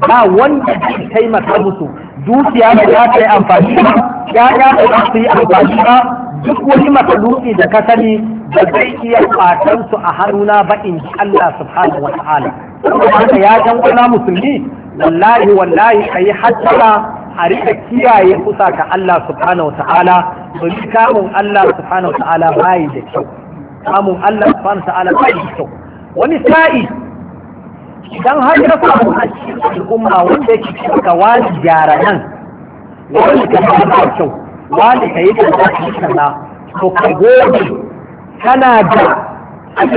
[SPEAKER 1] ba wanda zai taimaka musu dukiya da za ta amfani ba ya'ya da su yi amfani ba duk wani makaluki da ka sani da zai iya fatan su a hannuna ba in ji Allah subhanahu wa ta'ala haka ya dan kula musulmi wallahi wallahi kai hatta a rika kiyaye kusa ka Allah subhanahu wa ta'ala domin kamun Allah subhanahu wa ta'ala bai da kyau kamun Allah subhanahu wa ta'ala bai da kyau wani sa'i dan har da samu al'umma wanda yake cika wani gyara nan wani ka da kyau wani ka yi da ka yi kaza to ka gode kana da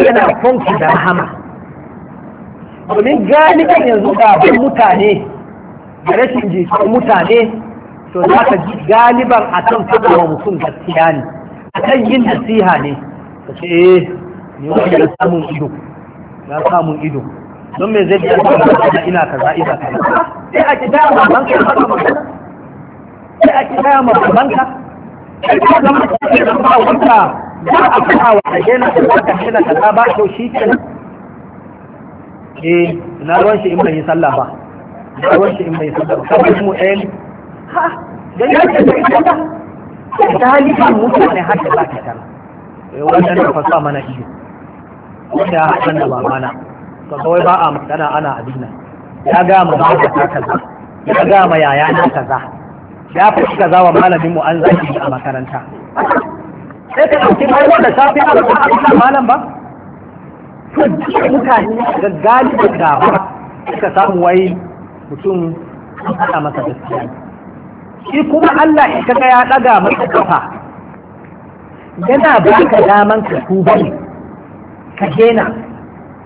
[SPEAKER 1] yana son da rahama domin galibin yanzu ɗabin mutane da rashin jikin mutane to za ka ji galiban a kan faɗa wa mutum gaskiya ne a kan yin nasiha ne ka ce eh ni wani na samun ido na samun ido don me zai biya da ina ka za'i ba kaza sai a kida ma banka ya sai a kida ma banka sai ka zama cikin ba wanda za a fara wa kaje na kaza kaje na kaza ba to shi ke eh na ruwan shi in bai sallah ba na ruwan shi in bai sallah ba kamar mu ɗayan ha dan yake da ita ta halifin mutane har da ba ta tara eh, wannan da fasa mana iyo wanda hakan da ba mana kawai ba a magana ana abinna ya gama ba ta kaza ya gama yaya na kaza ya fi kaza wa malamin mu an zaki a makaranta sai ka ɗauki mai wanda safi a makaranta malam ba to mutane ga galibin da ba suka samu wai mutum an haɗa masa gaskiya shi kuma Allah ya kaga ya ɗaga masa kafa yana ba ka daman ka tuba ne ka daina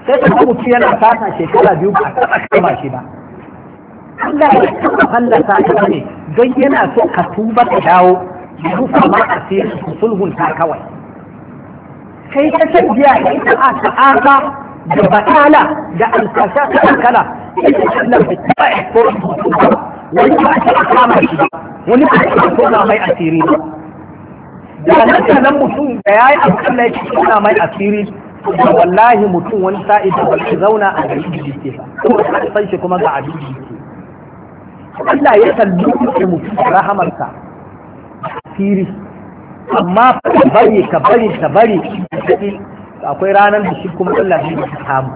[SPEAKER 1] sai ta ga mutum yana fata shekara biyu ba a kama shi ba Allah ya taɓa hallaka ka ne don yana so ka tuba ka dawo ya rufa ma a sai sulhun ta kawai kai ta shan biya da ita a ta'aka da batala da alkasha ta alkala ita Allah bai ba ya tsoron mutum ba wani ba ta kama shi ba wani ba a tsoron mai asiri ba da nan mutum da ya yi alkalla ya ci tsoron mai asiri da wallahi mutum wani sa'i da bai zauna a gari da yake ba kuma ta san shi kuma ga abin da yake Allah ya kalli mutum da rahamarsa firi amma ka bari ka bari ka bari akwai ranar da shi kuma Allah zai samu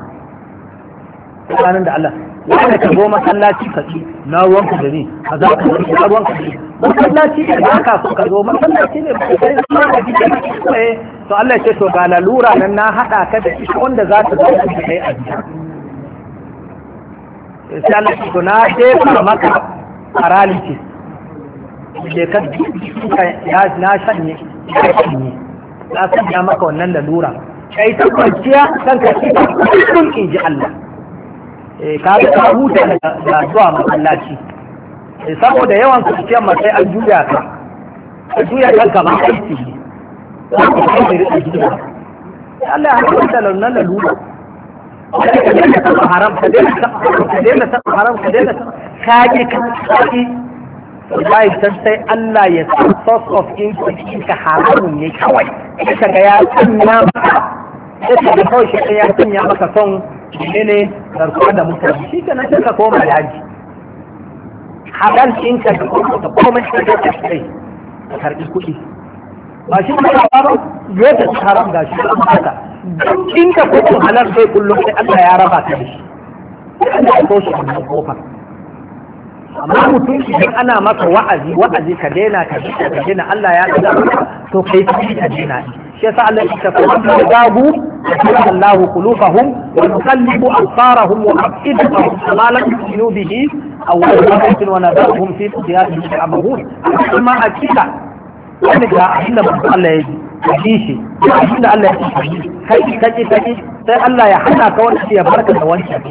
[SPEAKER 1] ranar da Allah wanda ka zo masallaci ka ci na ruwanka da ni a za ka zai na ruwanka da ni masallaci ne ba ka so ka zo masallaci ne ba ka yi zama da jikin kwaye to Allah ce to ga lalura nan na haɗa ka da shi wanda za ta zo da kai a gida sai Allah ce to na shefa maka paralysis je ka ya na shanye ya shanye ka sanya maka wannan lalura kai ta kwanciya kanka shi ta kullum ji Allah Eh, ka ga huta da zuwa masallaci eh, saboda yawan kusurciyar masai an juya ka a juya kan ka ba aiki ne za ku kai da rikin gida Allah ya haɗu da launan lalura ka ka daina taɓa haram ka daina taɓa haram ka daina
[SPEAKER 2] kaji ka kaji
[SPEAKER 1] san sai Allah ya san source of income ka haramun ne kawai ka ga ya sanya maka ga kawai shi ya maka son menene garkuwa da mutane shi ka nan ka koma da haji halal in ka ka koma shi ka kai ka karbi kuɗi ba shi ne ba ba ya ta haram ga shi an fata in ka kuɗin halal sai kullum sai Allah ya raba ka da shi Allah ya koshi a kofar
[SPEAKER 3] amma mutum idan
[SPEAKER 1] ana maka wa'azi wa'azi ka daina ka daina Allah ya ɗaga to kai ka daina shi yasa Allah ya tafi gabu da Allah qulubahum wa yuqallibu absarahum wa afidahum kama lam yu'minu bihi aw yu'minu wa nadahum fi siyasati al-amrun amma akida wani ga abinda Allah ya yi yi shi abinda Allah ya yi kai kai kai sai Allah ya hana ka wannan ya barka da wancan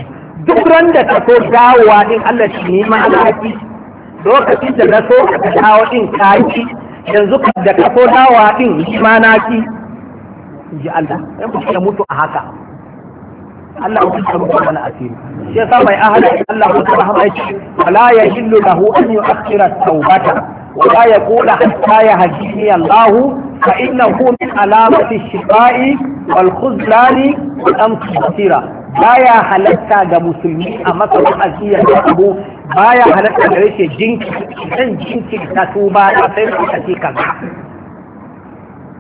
[SPEAKER 1] duk ran da ka so dawowa din Allah shi ne ma Allah ki lokacin da ka so ka dawo din ka ki yanzu da ka so dawowa din shi ma na ki in ji Allah sai ku ya mutu a haka Allah ya kuka mutu wani asiri shi yasa mai ahada Allah ya kuka rahama yace wala yahillu lahu an yu'akhkhira tawbata wala yaqula hatta yahdini Allah fa innahu min alamati shifa'i wal khuzlani wal amsi basira baya halatta ga musulmi a maka wa'azi ya ga abu baya halatta da rashin jinki dan jinki ta tuba sai ka ce kaza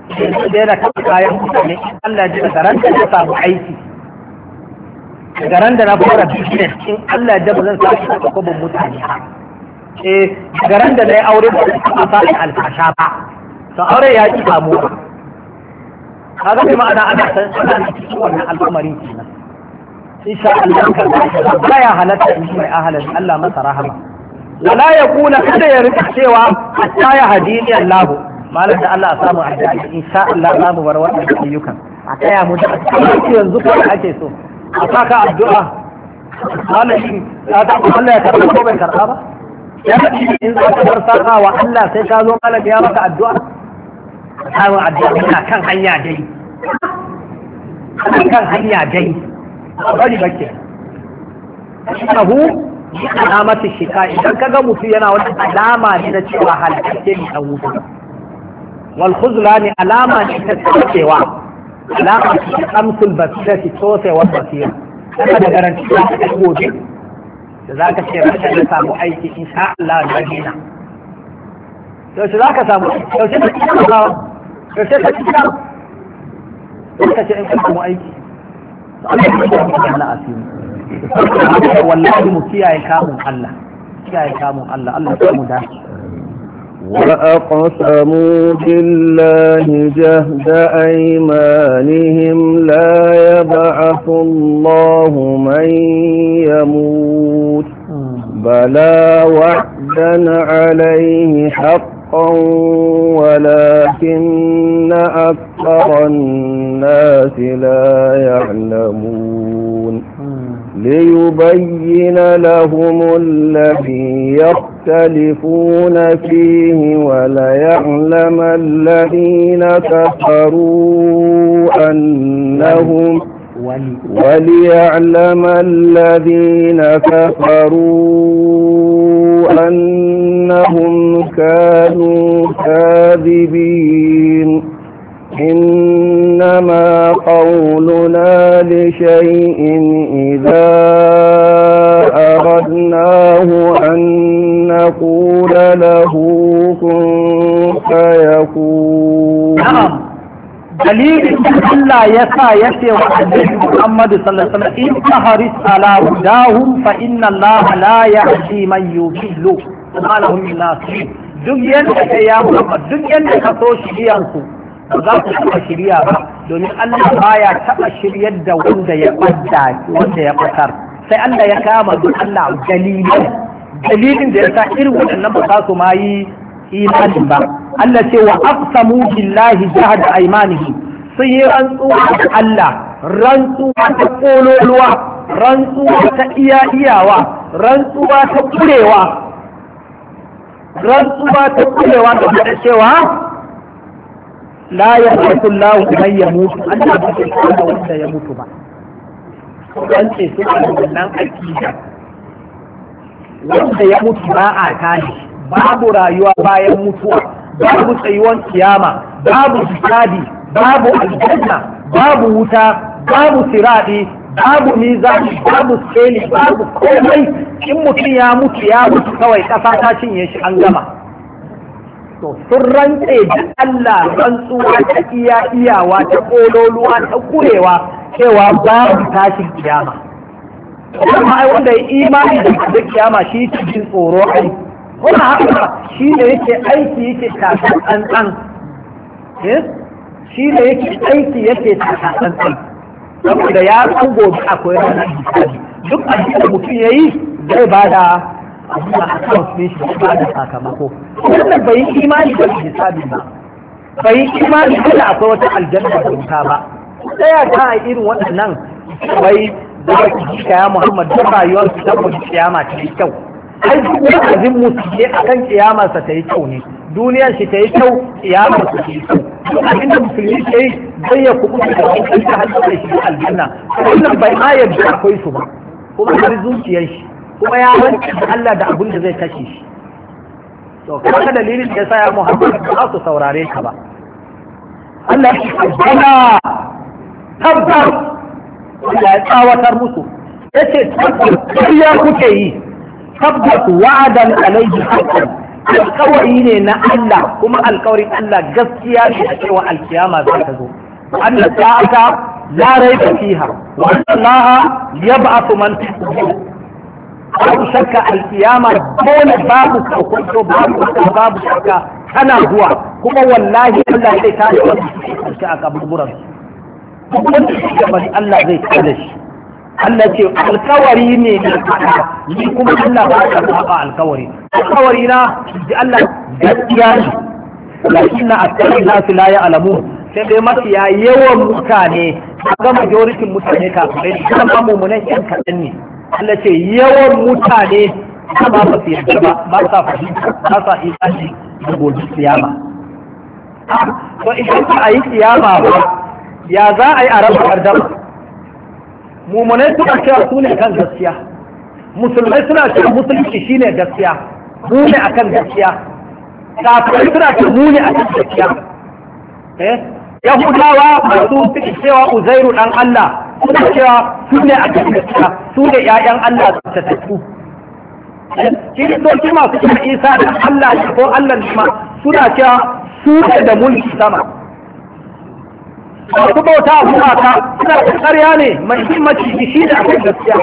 [SPEAKER 1] yanzu da yana kafa kayan mutane Allah ji da ran da na samu aiki daga ran da na fara business in Allah ji da ba zan samu kafa kwabin mutane eh daga ran da na yi aure ba zan kafa da alfasha ba to aure ya ki samu ba kaga bi ma'ana ana san ana cikin wannan al'amarin kenan insha Allah ka ba ya halatta in mai ahalin Allah masa rahama wala ya kula kada ya rika cewa hatta ya hadini Allah malam da Allah a samu a in insha Allah za mu bar wannan ayyukan a taya mu da yanzu ko da ake so a saka addu'a malam shi Allah ya karɓa ko bai karɓa ba ya in za ka bar saka wa Allah sai ka zo malam ya maka addu'a samu addu'a ina kan hanya dai kan hanya dai bari bakke shi bi shi shika idan ka ga mutu yana wani alama ne na cewa halakacce ne a wuta wal khuzlani alama ne ta tsakewa alama ce ta kamsul basira ce tosewar basira kana da garanti za gobe da za ka ce rashin na samu aiki in sha Allah da dina za ka samu yaushe ka kira ba yaushe ka kira in aiki
[SPEAKER 2] Allah ya na
[SPEAKER 1] asiri wallahi mu kiyaye kamun Allah kiyaye kamun Allah Allah ya
[SPEAKER 2] وأقسموا بالله جهد أيمانهم لا يبعث الله من يموت بلى وعدا عليه حقا ولكن أكثر الناس لا يعلمون ليبين لهم الذي يخفى يختلفون فيه وليعلم الذين كفروا أنهم وليعلم الذين كفروا أنهم كانوا كاذبين إنما قولنا لشيء إذا أردناه أن يقول له كن فيكون نعم. دليل
[SPEAKER 1] الله يسا يسي وعزيز محمد صلى الله عليه وسلم إن حرص على هداهم فإن الله لا يهدي من يضل وما لهم من ناصر دنيا يا محمد دنيا كتو شريانكو ba ku taɓa shirya ba الله Allah baya taɓa shiryar da wanda ya ɓadda wanda ya ɓatar sai Allah dalilin da ya sa irin waɗannan ba za su ma yi imanin ba Allah ce wa aqsamu billahi jahada aymanihi sun yi rantsuwa da Allah rantsuwa ta kololuwa rantsuwa ta iya iyawa rantsuwa ta kurewa rantsuwa ta kurewa da ta cewa la yaqulu Allahu ya mutu, Allah ba zai wanda ya mutu ba rantsi su a wannan akida wanda ya mutu ba a tashi babu rayuwa bayan mutuwa babu tsayuwan kiyama babu hisabi babu aljanna babu wuta babu siradi babu mizani babu skeli babu komai in mutum ya mutu ya mutu kawai kasa ta cinye shi an gama to sun rantse da Allah rantsuwa ta iya iyawa ta kololuwa ta kurewa cewa babu tashin kiyama amma ai wanda ya imani da kiyama shi yake jin tsoro ai wannan haka shi ne yake aiki yake taka tsantsan eh? shi ne yake aiki yake taka tsantsan saboda ya san gobe akwai ranar hisabi duk abin da mutum ya yi zai ba da abin da aka wasu shi zai ba da sakamako wannan bai yi imani da hisabi ba bai yi imani da akwai wata aljanna da wuta ba tsaya ta irin waɗannan bai da ba ki ya Muhammad duk rayuwar su tabbata kiyama ta yi kyau ai duk azin musulmi akan kiyamarsa ta yi kyau ne duniyar shi ta yi kyau kiyamar su ta yi kyau duk abin da musulmi ta yi zai ya kuɓu da kai ta hannu da shi aljanna wannan bai ma yadda akwai su ba kuma har zuciyar shi kuma ya rantsa da Allah da abin da zai kashe shi to kaga dalilin da yasa ya Muhammad ba su saurare ka ba Allah ya tabbata Allah ya tsawatar musu yace kariya kuke yi tabbas wa'adan alaihi haqqan alƙawari ne na Allah kuma alƙawarin Allah gaskiya ne a cewa alkiyama za ta zo Allah ta'ata la raiba fiha wa Allah yab'athu man babu shakka alkiyama dole babu kokonto babu babu shakka tana zuwa kuma wallahi Allah zai tashi wasu a kaburburan wanda suka bari Allah zai kada shi Allah ce alkawari ne na faɗa ni kuma Allah ba ta saba alkawari alkawari na ji Allah gaskiya ne lakin na akwai nasu la ya alamu sai dai mafiya yawan mutane ga majoritin mutane ka. Sai kan ma mummunan yan kaɗan ne Allah ce yawan mutane ba ba su yarda ba ba sa fahimta ba sa imani da gobe kiyama to idan ba a kiyama ba ya za a yi a raba gardama Mummunai suna cewa su ne kan gaskiya musulmai suna cewa musulunci ne gaskiya mu ne a kan gaskiya kafirai suna cewa mu ne a kan gaskiya eh yahudawa masu suke cewa uzairu dan Allah suna cewa su ne a akan gaskiya su ne ƴaƴan Allah da ta tattu eh? kiristoci masu cewa isa da Allah ko Allah ne ma suna cewa su ne da mulki sama masu bauta a gumaka suna da ƙarya ne himmaci shi da akan gaskiya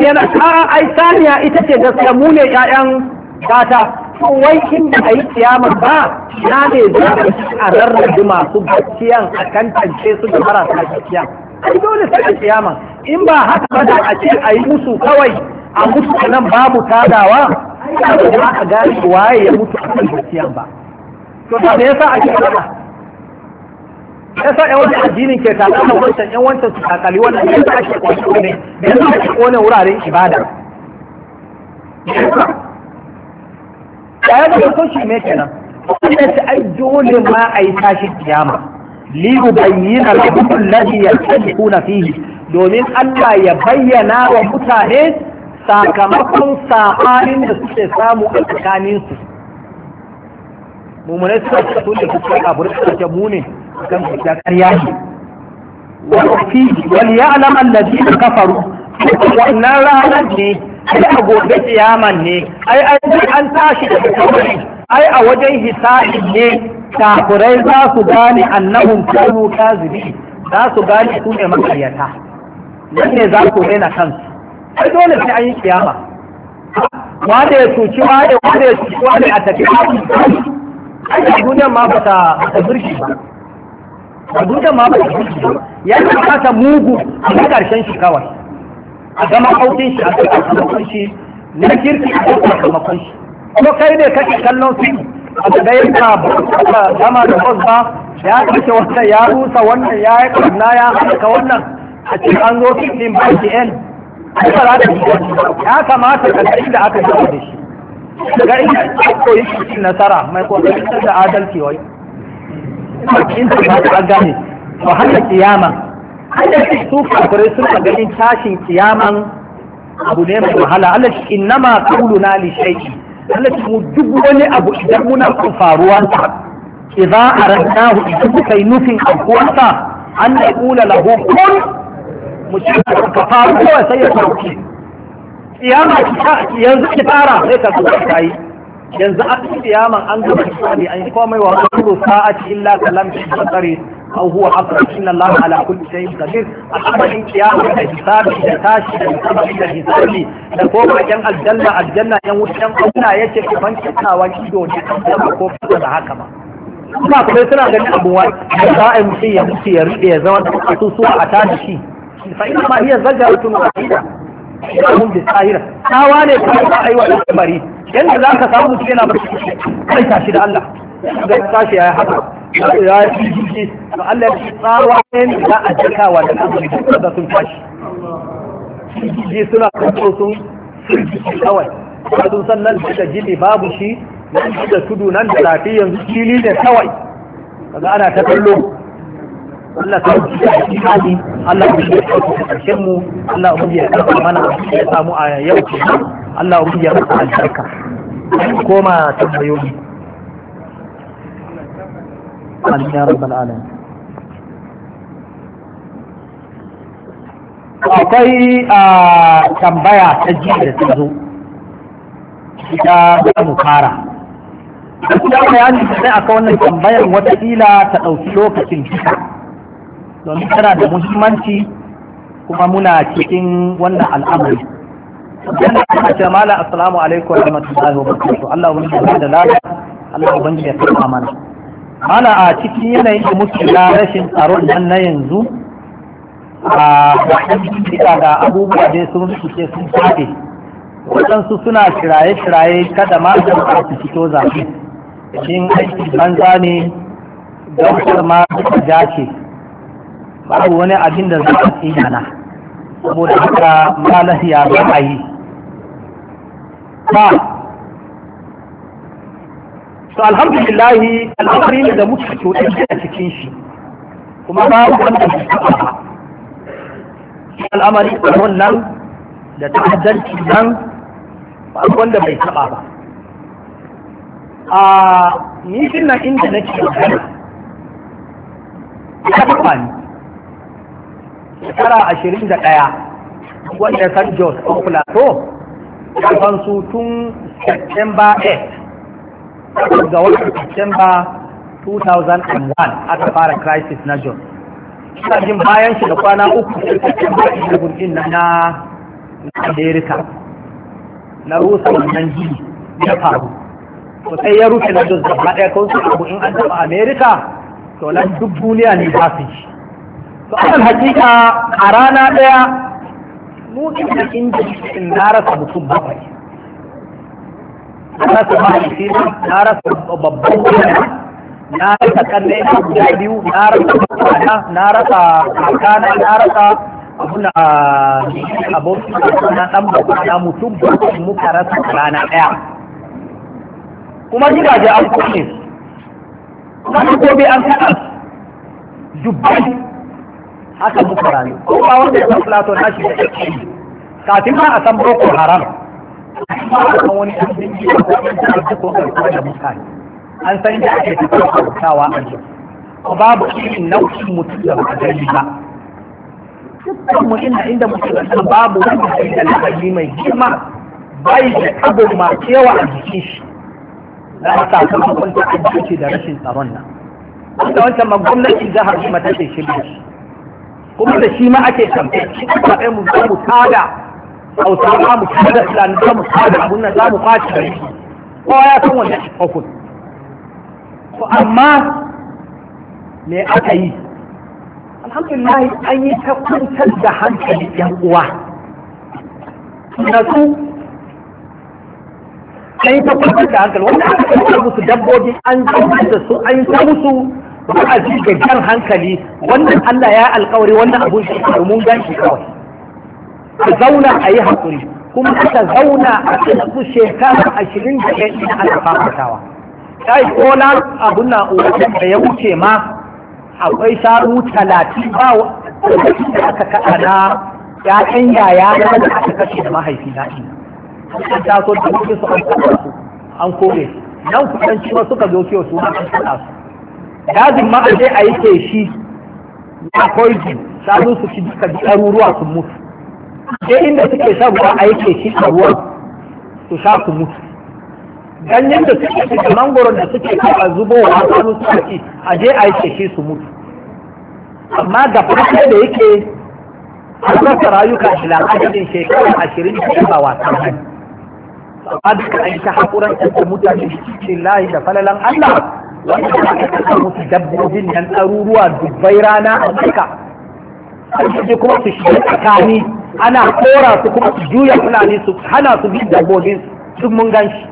[SPEAKER 1] yana ta ai saniya ita ce gaskiya mu ne ƴaƴan gata wai inda a yi kiyama ba na ne zai a rarrabi masu gaskiyan a tantance su da marasa gaskiya ai dole sai kiyama in ba haka ba da a ce a yi musu kawai a musu nan babu tadawa ai ba za a gane waye ya mutu a kan gaskiyan ba to da yasa ake faɗa yasa yan wancan addinin ke ta takali wancan yan wancan su takali wannan yasa ake kwanci ne da yasa ake kone wuraren ibada ya yi da soci me kenan wannan ta ai dole ma a yi tashin kiyama liyu bayyana lahumul ladhi yakhtalifuna fiye domin Allah ya bayyana wa mutane sakamakon saɓanin da suke samu a tsakaninsu mummunai suka ce sun da suke a burka ce mu ne akan gaskiya ƙarya ne wani wal ya'lam alladhina kafaru wannan ranar ne ai a gobe kiyaman ne ai an tashi da kawai ai a wajen hisabi ne Takurai za su gane annahum kanu zubi. za su gane su ne makaryata
[SPEAKER 3] nan ne za su
[SPEAKER 1] rena kansu ai dole sai an yi kiyama wane ya cuci wane wane ya cuci wane a tafi ai duniyar ma ba ta birki ba a dutsen ma ba ta shi ya yi kasa mugu a ga karshen shi kawai a gama aukin shi a ga karshen shi na kirki a ga sakamakon shi ko kai ne kake kallon su a ga dai ka ba gama da bos ba ya kace wannan ya rusa wannan ya yi kanna ya haka wannan a cikin an zo fim din ba ki en ya kamata ka ga inda aka gaba da shi ga inda ko yake nasara mai ko da adalci wai in su ba ta gane to haka kiyama Allah shi su sun suna ganin tashin kiyaman abu ne mai wahala Allah shi innama qawluna li shay'in Allah shi mu duk wani abu idan muna son faruwa idza aradnahu idan muka yi nufin aukuwarsa an na kula lahu kun mu ci ka faru sai ya sauke kiyama yanzu ki fara sai ka sauke kai. yanzu a cikin kiyaman an gaba hisabi an komai wa kullu sa'ati illa kalam shi basari aw huwa asra inna allaha ala kulli shay'in qadir a cikin kiyaman da hisabi da tashi da hisabi da hisabi da koma yan aljanna aljanna yan wutan Allah yace ki banki tsawa ido ne da ko da haka ba Kuma kuma suna ganin abuwa da za ya mutu ya riɗe ya zama da su suwa a tashi. shi fa ina ma iya zaga mutum a ida ya hun bi tsahira tawa ne kuma ba a yi wa ɗan bari yanda za ka samu mutum yana barci kai tashi da Allah da ya tashi ya haka ya yi jiki to Allah ya tsawa ne da a jikawa da azumi da sun tashi jiki suna kanto sun kawai sun san nan da jini babu shi nan da tudu nan da rafi yanzu jini ne kawai kaga ana ta kallo Allah ta yi hali Allah ya yi a cikin mu Allah ya yi a mana ya samu a yau Allah yi a albarka koma tambayoyi ya rabbal alamin akwai a tambaya ta jiya da ta zo ita za mu fara bayani sai aka wannan tambayar fila ta ɗauki lokacin duka domin tana da muhimmanci kuma muna cikin wannan al'amari yana aka ce mala assalamu alaikum wa rahmatullahi wa barakatuh Allah wani da da lada Allah wani ya kama mana mala a cikin yanayin da muke na rashin tsaron nan na yanzu a da da abubuwa dai sun rikice sun fade waɗansu suna shiraye-shiraye kada ma da su fito zafi cikin aiki banza ne don ma su jace babu wani abin da za a tsinana saboda haka malar ya ba a yi ba su alhamdulillah al'amari ne da muke cutar a cikin shi kuma babu wanda shi ba al'amari a wannan, da ta ta'addanci nan ba wanda bai taɓa ba a nishin nan inda nake magana ya taɓa ni shekara ashirin da ɗaya wanda san jos on plateau kafan su tun september 8 ga wata september 2001 aka fara crisis na jos ina jin bayan shi da kwana uku september 11 din na america na rusa wannan jini ya faru to sai ya rufe na jos gaba ɗaya kawai su abu in an taɓa america to nan duk duniya ne ba su ji to hakika a rana ɗaya mu ina inda in na rasa mutum bakwai na rasa mahaifi na rasa babban gida na rasa kanne na guda biyu na rasa kakana na rasa kakana na rasa abuna abokin na ɗan na mutum bakwai muka rasa a rana ɗaya kuma gidaje an kone. kuma dabbobi an kaɗa dubbai haka muka rami. ko ba wanda ya san plato na shi da yake kafin ma a san boko haram ba a san wani an san yi ko an san da ko da mutane an san da ake tafiya kautawa a ji babu irin nau'in mutum da ba a gani ba dukkan mu inda inda mutum da babu wanda ya da labari mai girma bai da abu ma cewa a jikin shi da aka sakamakon ta da rashin tsaron nan. Wanda wancan ma gwamnatin jihar kuma ta ce shi kuma da shi ma ake kamfe ba ɗaya mu za mu tada hausawa mu tada fulani za mu tada abun nan za mu kwace da shi kowa ya san shi kofin to amma me aka yi alhamdulillah an yi ta kuntar da hankali ɗan uwa nasu an yi ta kuntar da hankali wanda aka kuntar musu dabbobi an da su an yi ta musu wa'azi da jan hankali wannan Allah ya alkawari wannan abun shi mun gan kawai ka zauna a yi hakuri kuma aka zauna a cikin shekara ashirin da ya ina ana fafatawa ta yi kola abun na uwajen da ya wuce ma akwai sharu talatin ba lokacin da aka kaɗa na ya'yan yaya na da aka kashe da mahaifi na ina an so da wuce su an kaɗa su an kore nan kudanci wasu ka zo kiyo su an kaɗa su dajin ma a je a yi feshi na kogi shanu su ci duka ɗaruruwa sun mutu sai inda suke sa ruwa a yi feshi a ruwan su sha su mutu ganyen da suke cika mangoron da suke a zubowa shanu suka ci je a yi feshi su mutu amma da farko da yake an rasa rayuka shi la'adadin shekara ashirin da ba wasan hannu amma duka an ta haƙuran ɗan mutane cikin layi da falalan Allah wanda aka kasa musu dabbobin nan ɗaruruwa dubbai rana a cika sai kuma su shiga tsakani ana kora su kuma su juya fulani su hana su bi dabbobin duk mun gan shi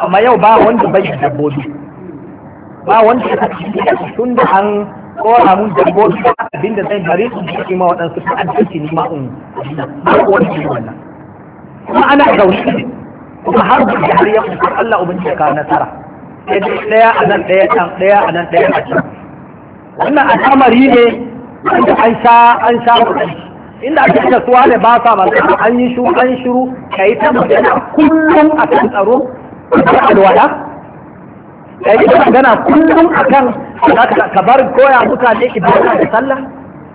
[SPEAKER 1] amma yau ba wanda bai da dabbobi ba wanda ya kasance tun da an kora mun dabbobi abin da zai bari su jiki ma waɗansu ta addinci ne ma un ba wani wannan kuma ana zaune kuma har da har ya kusa Allah ubangiji ka nasara sai da ɗaya a nan ɗaya can ɗaya a nan ɗaya a can wannan al'amari ne wanda an sha an sha kuɗi inda ake da suwa ne ba sa magana an yi shuru an shuru yi ta magana kullum a kan tsaro da alwala ka yi magana kullum a kan ka bar koya mutane ibada da sallah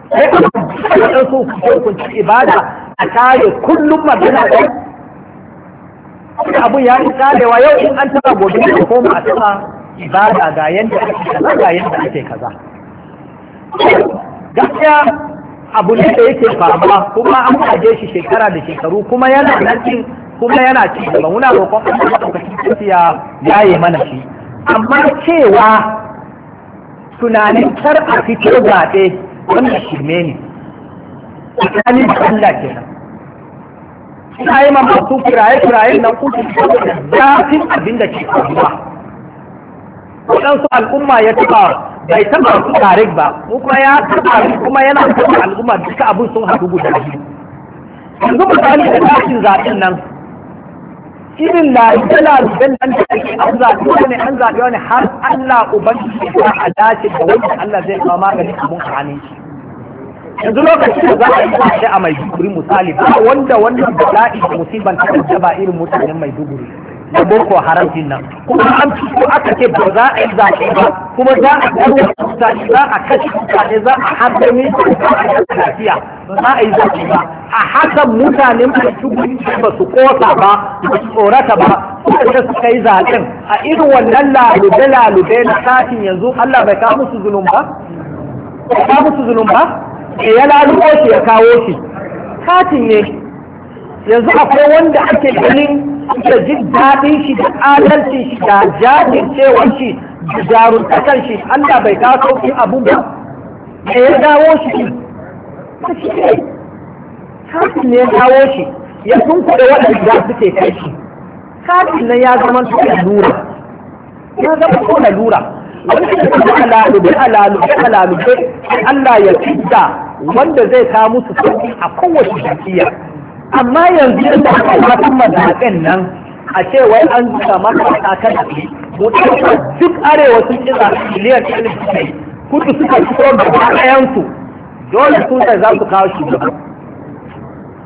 [SPEAKER 1] sai ka ɗansu hukunci ibada a tare kullum magana da abun ya fi tsadewa yau in an taba gobe ka koma a ba da ga yanda ake kaza ga yanda ake kaza gaskiya abu ne da yake faruwa kuma an aje shi shekara da shekaru kuma yana nan kuma yana ci gaba muna roƙon Allah lokacin tafiya mana shi amma cewa tunanin kar a fito zaɓe wannan shirme ne tsakanin Allah kenan ina yi mamba su firaye firaye na kuke zafin abin da ke faruwa waɗansu al'umma ya taɓa bai taɓa su tarik ba ko kuma ya taɓa kuma yana taɓa al'umma duka abin sun haɗu guda shi yanzu misali da ɗakin zaɓen nan irin lalace-lalacen nan da ake an zaɓi wani an zaɓi wani har Allah ubangiji ya a dace da wani Allah zai kama magani abun a hannun shi yanzu lokacin da za a yi tashi a maiduguri misali ba wanda wannan bala'i da musiban ta da ba irin mutanen maiduguri da boko haram din nan kuma an ko aka ce ba za a yi zaɓe ba kuma za a kashe mutane za a kashe mutane za a haɗa ne da yi lafiya ba za a yi zaɓe ba a hakan mutanen maiduguri ba su kosa ba ba su tsorata ba suka ce suka yi zaɓen a irin wannan lalube-lalube na satin yanzu Allah bai kawo musu zulum ba? Ba musu zulum ba? e ya lalubo shi ya kawo shi katin ne yanzu akwai wanda ake ganin da jin daɗin shi da adalcin shi da jajircewar shi da jaruntakan shi Allah bai kaso shi abu ba e ya dawo shi katin ne ya kawo shi ya sun kuɗe waɗanda suke kai shi katin nan ya zama su lura ya zama ko lura Allah ya fidda wanda zai samu su sauki a kowace jikiya. amma yanzu da aka matan mazaƙen nan a ce wai an zuka maka ta kan mutum duk arewa sun ci zaɓe miliyan ɗari kudu suka fito da ɗayansu dole sun sai za su kawo shugaba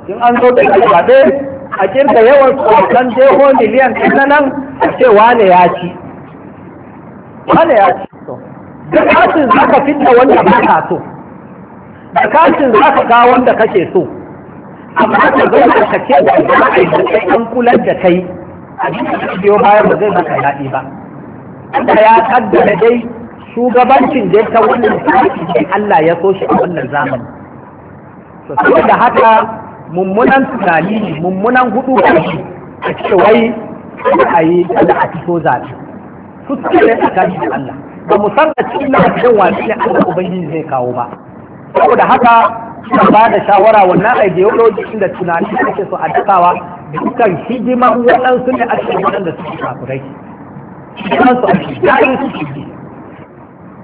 [SPEAKER 1] in an zo da zaɓe a kirga yawan tsoron jeho miliyan ɗaya nan a ce wane ya ci wanda ya da za ka fita wanda ba ka so da za ka kawo wanda kake so amma ka zo ka ce da za a yi da kai an kular da kai a cikin biyo bayan ba zai maka daɗi ba Allah ya kaddara dai shugabancin da ta wannan tsari ne Allah ya so shi a wannan zamani to saboda haka mummunan tunani mummunan hudu a ce wai kada a yi kada a fito zaɓe kuskure ne tsakani da Allah ba mu san da cikin lafiyar wani ne Allah ubangiji zai kawo ba saboda haka suna ba da shawara wannan ideology inda tunani ake so a dasawa dukkan hidiman waɗansu ne ake da suke kafirai hidimar su ake yayin suke yi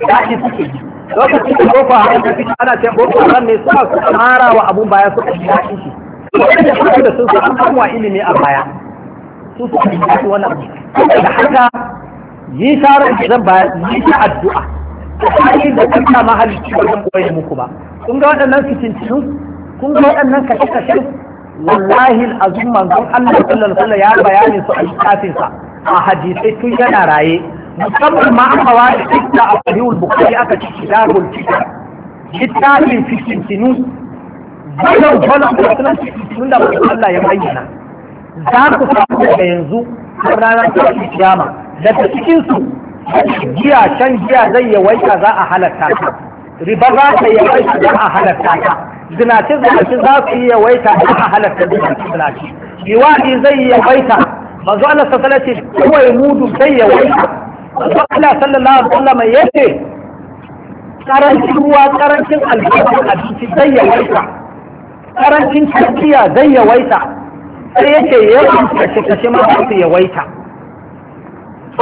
[SPEAKER 1] yayin suke yi lokacin da boko a ta fita ana ce boko haram ne suna suka mara wa abun baya suka yi yayin shi wanda suke da sun su an samu ilimi a baya su suka yi yayin wannan da haka yi sharon ke zan bayar yi ta addu'a kai da kan kama halitta ba zan koyi muku ba kun ga waɗannan fitintinu kun ga waɗannan kashe-kashe wallahi azum manzon Allah sallallahu alaihi wasallam ya bayani su a littafin sa a hadisai tun yana raye musamman ma aka ware da a sahihul bukhari aka ci kitabul kitab littafin fitintinu wannan wannan wannan tun da Allah ya bayyana za ku samu da yanzu ranar kiyama daga cikinsu giya can giya zai yawaita za a halatta ta riba za ta yawaita za a halatta ta zinaci zinaci za su yi yawaita za a halatta zinaci zinaci liwaɗi zai yawaita manzo Allah sallallahu alaihi wasallam kawai mudu zai yawaita manzo Allah sallallahu alaihi wasallam ce. karancin ruwa karancin albarkar abinci zai yawaita karancin tafiya zai yawaita sai yake yawan kashe kashe ma su yawaita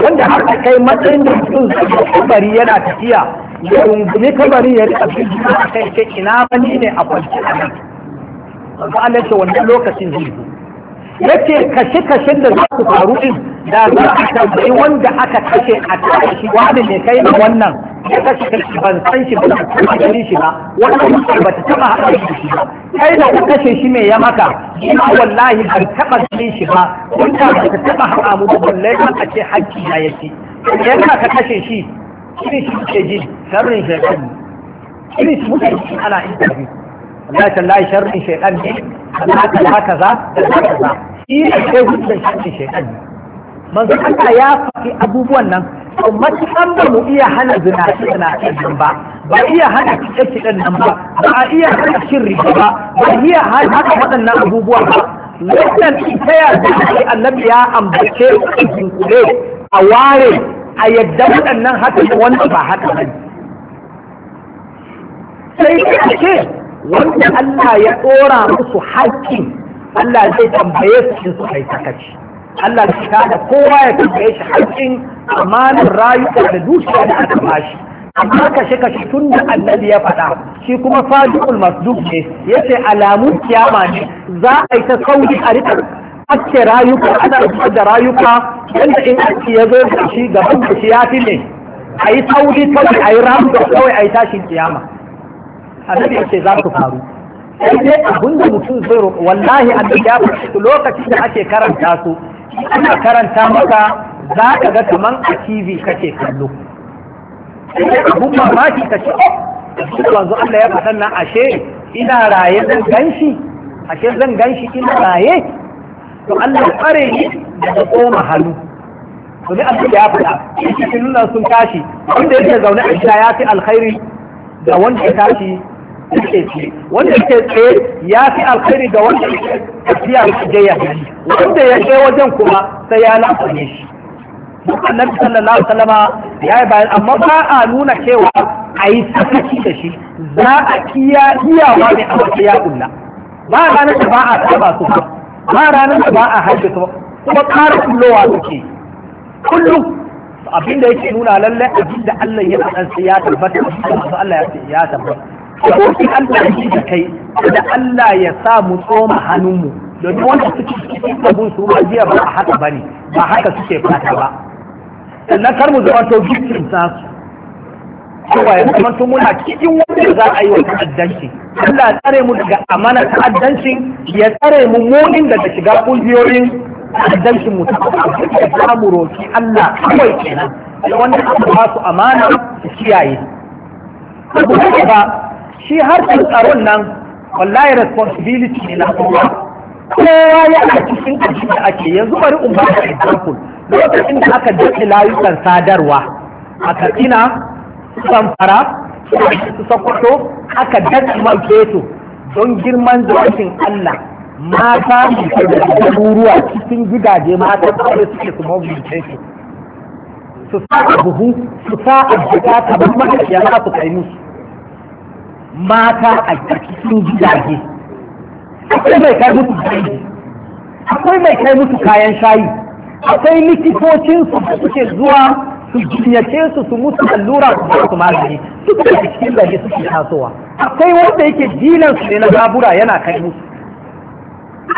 [SPEAKER 1] wanda har a kai matsayin da mutum zai kabari yana tafiya ya rungumi kabari ya rika bin a kai ce ina mani ne a kwanci a nan ba Allah ke wanda lokacin zai yace kashe kashen da za su faru din da za a tambayi wanda aka kashe a tashi wani ne kai a wannan Ka kashe kashi ban san shi ba ta gani shi ba wannan mutum ba ta taba haɗa shi shi ba kai da ka kashe shi mai ya maka ina wallahi ban taba gani shi ba wanda ba ta taba haɗa mu da balle ma ka ce hakki ya yake idan ka ka kashe shi irin shi ke ji sharrin shaitan irin shi muke ji ana interview Allah ta lai sharrin shaitan ne Allah ta la kaza da kaza shi ne sai hujjar sharrin shaitan ne manzo Allah ya faɗi abubuwan nan to ba mu iya hana zinaci zinacin nan ba ba iya hana kiɗe-kiɗen nan ba ba a iya hana shin riga ba ba iya hana waɗannan abubuwa ba wannan ita ya zai annabi ya ambace jinkule a ware a yadda waɗannan haka wanda ba haka ba sai ka ce wanda Allah ya ɗora musu haƙƙin Allah zai tambaye su in suka yi sakaci Allah ya ta da kowa ya tambaye shi haƙƙin amanar rayuka da dukiya da aka bashi amma kashe kashe tun da annabi ya faɗa shi kuma fadiul masduq ne yace alamun kiyama ne za a yi ta sauri a rika ake rayuka ana fitar da rayuka yadda in ake ya zo da shi gaban da shi ya fi ne a yi sauri kawai a yi ramu kawai a yi tashin kiyama annabi ce za su faru sai dai abin da mutum zai wallahi annabi ya faɗi lokacin da ake karanta su ana karanta maka za ka ga kaman a TV kake kallo abun mamaki ka ce wanzu oh, Allah ya faɗa nan ashe ina raye zan ganshi ashe zan ganshi ina raye to Allah tsare ni ta koma hannu to abin da ya faɗa cikin nuna sun tashi wanda yake zaune a gida ya fi alkhairi da wanda ya tashi yake ce wanda yake tsaye ya fi alkhairi ga wanda tafiya je ya wanda ya je wajen kuma sai ya lafiye shi annabi sallallahu alaihi wasallama ya yi bayan amma ba a nuna cewa a yi sakaci da shi za a kiya iyawa ne a wata ya kulla ba ranar da ba a saba su ba ba ranar da ba a haife su kuma ƙara kullowa suke kullum abinda yake nuna lallai abinda Allah ya faɗa sai ya tabbata abinda masu Allah ya tabbata abokin Allah ya da kai da Allah ya sa mu tsoma hannunmu domin wanda suke cikin abun su ba jiya ba haka bane ba haka suke fata ba sannan kar mu zama to victim Su cewa ya zama to muna cikin wanda za a yi wa ta'addanci Allah ya tsare mu daga amana ta'addanci ya tsare mu mu'min daga shiga kungiyoyin ta'addancin mu ta za mu roki Allah kawai kenan wanda aka ba su amana su kiyaye. Abu ba shi harkar tsaron nan wallahi responsibility ne na kowa kowa yana cikin abin da ake yanzu bari in ba example lokacin da aka daɗe layukan sadarwa a katsina samfara su sakwato aka dace man don girman zuwacin allah mata mai da garuruwa cikin gidaje mata kawai suke su mawuce su su sa a buhu su sa a jika kamar mahaifiya za su kai musu mata a cikin gidaje akwai mai kai musu shayi akwai mai kai musu kayan shayi akwai likitocinsu da suke zuwa su jinyace su su musu allura su ba su magani duk da cikin gari suke tasowa akwai wanda yake dilan su ne na zabura yana kai musu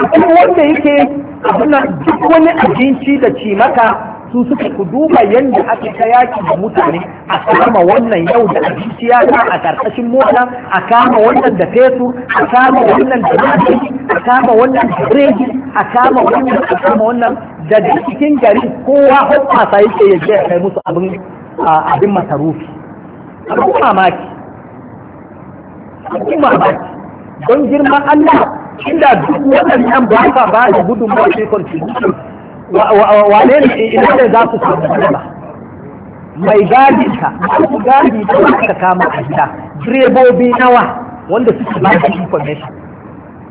[SPEAKER 1] akwai wanda yake abuna duk wani abinci da cimaka su suka ku duba yadda aka ta yaki da mutane a kama wannan yau da abinci ya a karkashin mota a kama wannan da fetur a kama wannan da mafi a kama wannan da regi a kama wannan a kama wannan da cikin gari kowa hoppasa yake ya je kai musu abin abin masarufi abin mamaki abin mamaki don girman Allah inda duk waɗannan ba sa ba da gudunmawa sai contribution wane ne eh, ina ne za su samu ba. mai gadi ka masu gadi da suka kama a gida direbobi nawa wanda suke ba da information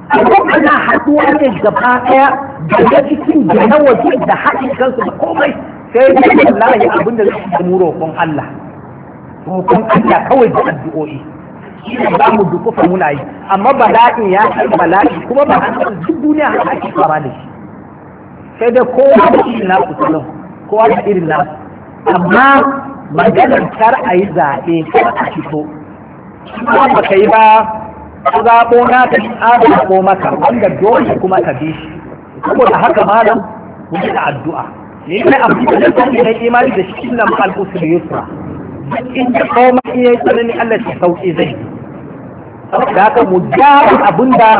[SPEAKER 2] abin ana
[SPEAKER 1] haɗuwa ne gaba ɗaya daga cikin da na waje da haɗin kansu da komai sai da wallahi abin da zai samu roƙon Allah roƙon Allah kawai da addu'o'i za mu dukufa muna yi amma bala'in ya kai bala'i kuma ba a duk duniya har ake fara da shi sai dai kowa da irin nasu salon kowa da irin nasu amma maganar kar a yi zaɓe kar a fito kuma ba ka yi ba ka zaɓo na ka tsara ko maka wanda dole kuma ka bi shi saboda haka malam mu yi addu'a ne a abu da kan ne imani da shi nan al-usul yusra in ka koma iya yi tsanani Allah ya sauƙi zai yi. da haka mu gyara abinda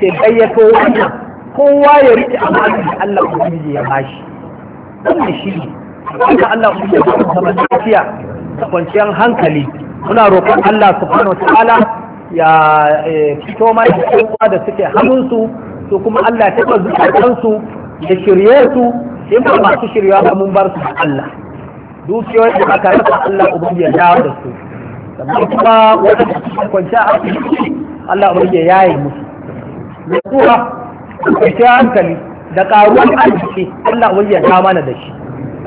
[SPEAKER 1] ke gayyato wannan kowa ya riƙe amanin da Allah ubangiji ya bashi wannan shi ne haka Allah ubangiji ya bashi zaman lafiya da kwanciyar hankali muna roƙon Allah subhanahu ta'ala ya eh, fito mana da da suke hannunsu su kuma Allah ya taɓa su, ya shirye su in ba masu shirya ba mun bar su da Allah dukiyoyin da aka rasa Allah ubangiji ya dawo da su sannan kuma wanda kwanciya a Allah ubangiji ya yi musu. Mai da shi hankali da karuwan arziki Allah wani ta mana da shi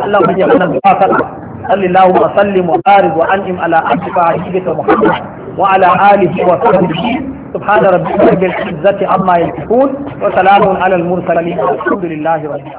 [SPEAKER 1] Allah wani ya mana ba sallah sallallahu wa sallim wa barik wa an'im ala abdika habibika muhammad wa ala alihi wa sahbihi سبحان ربك رب العزة عما Wa وسلام على المرسلين والحمد لله رب العالمين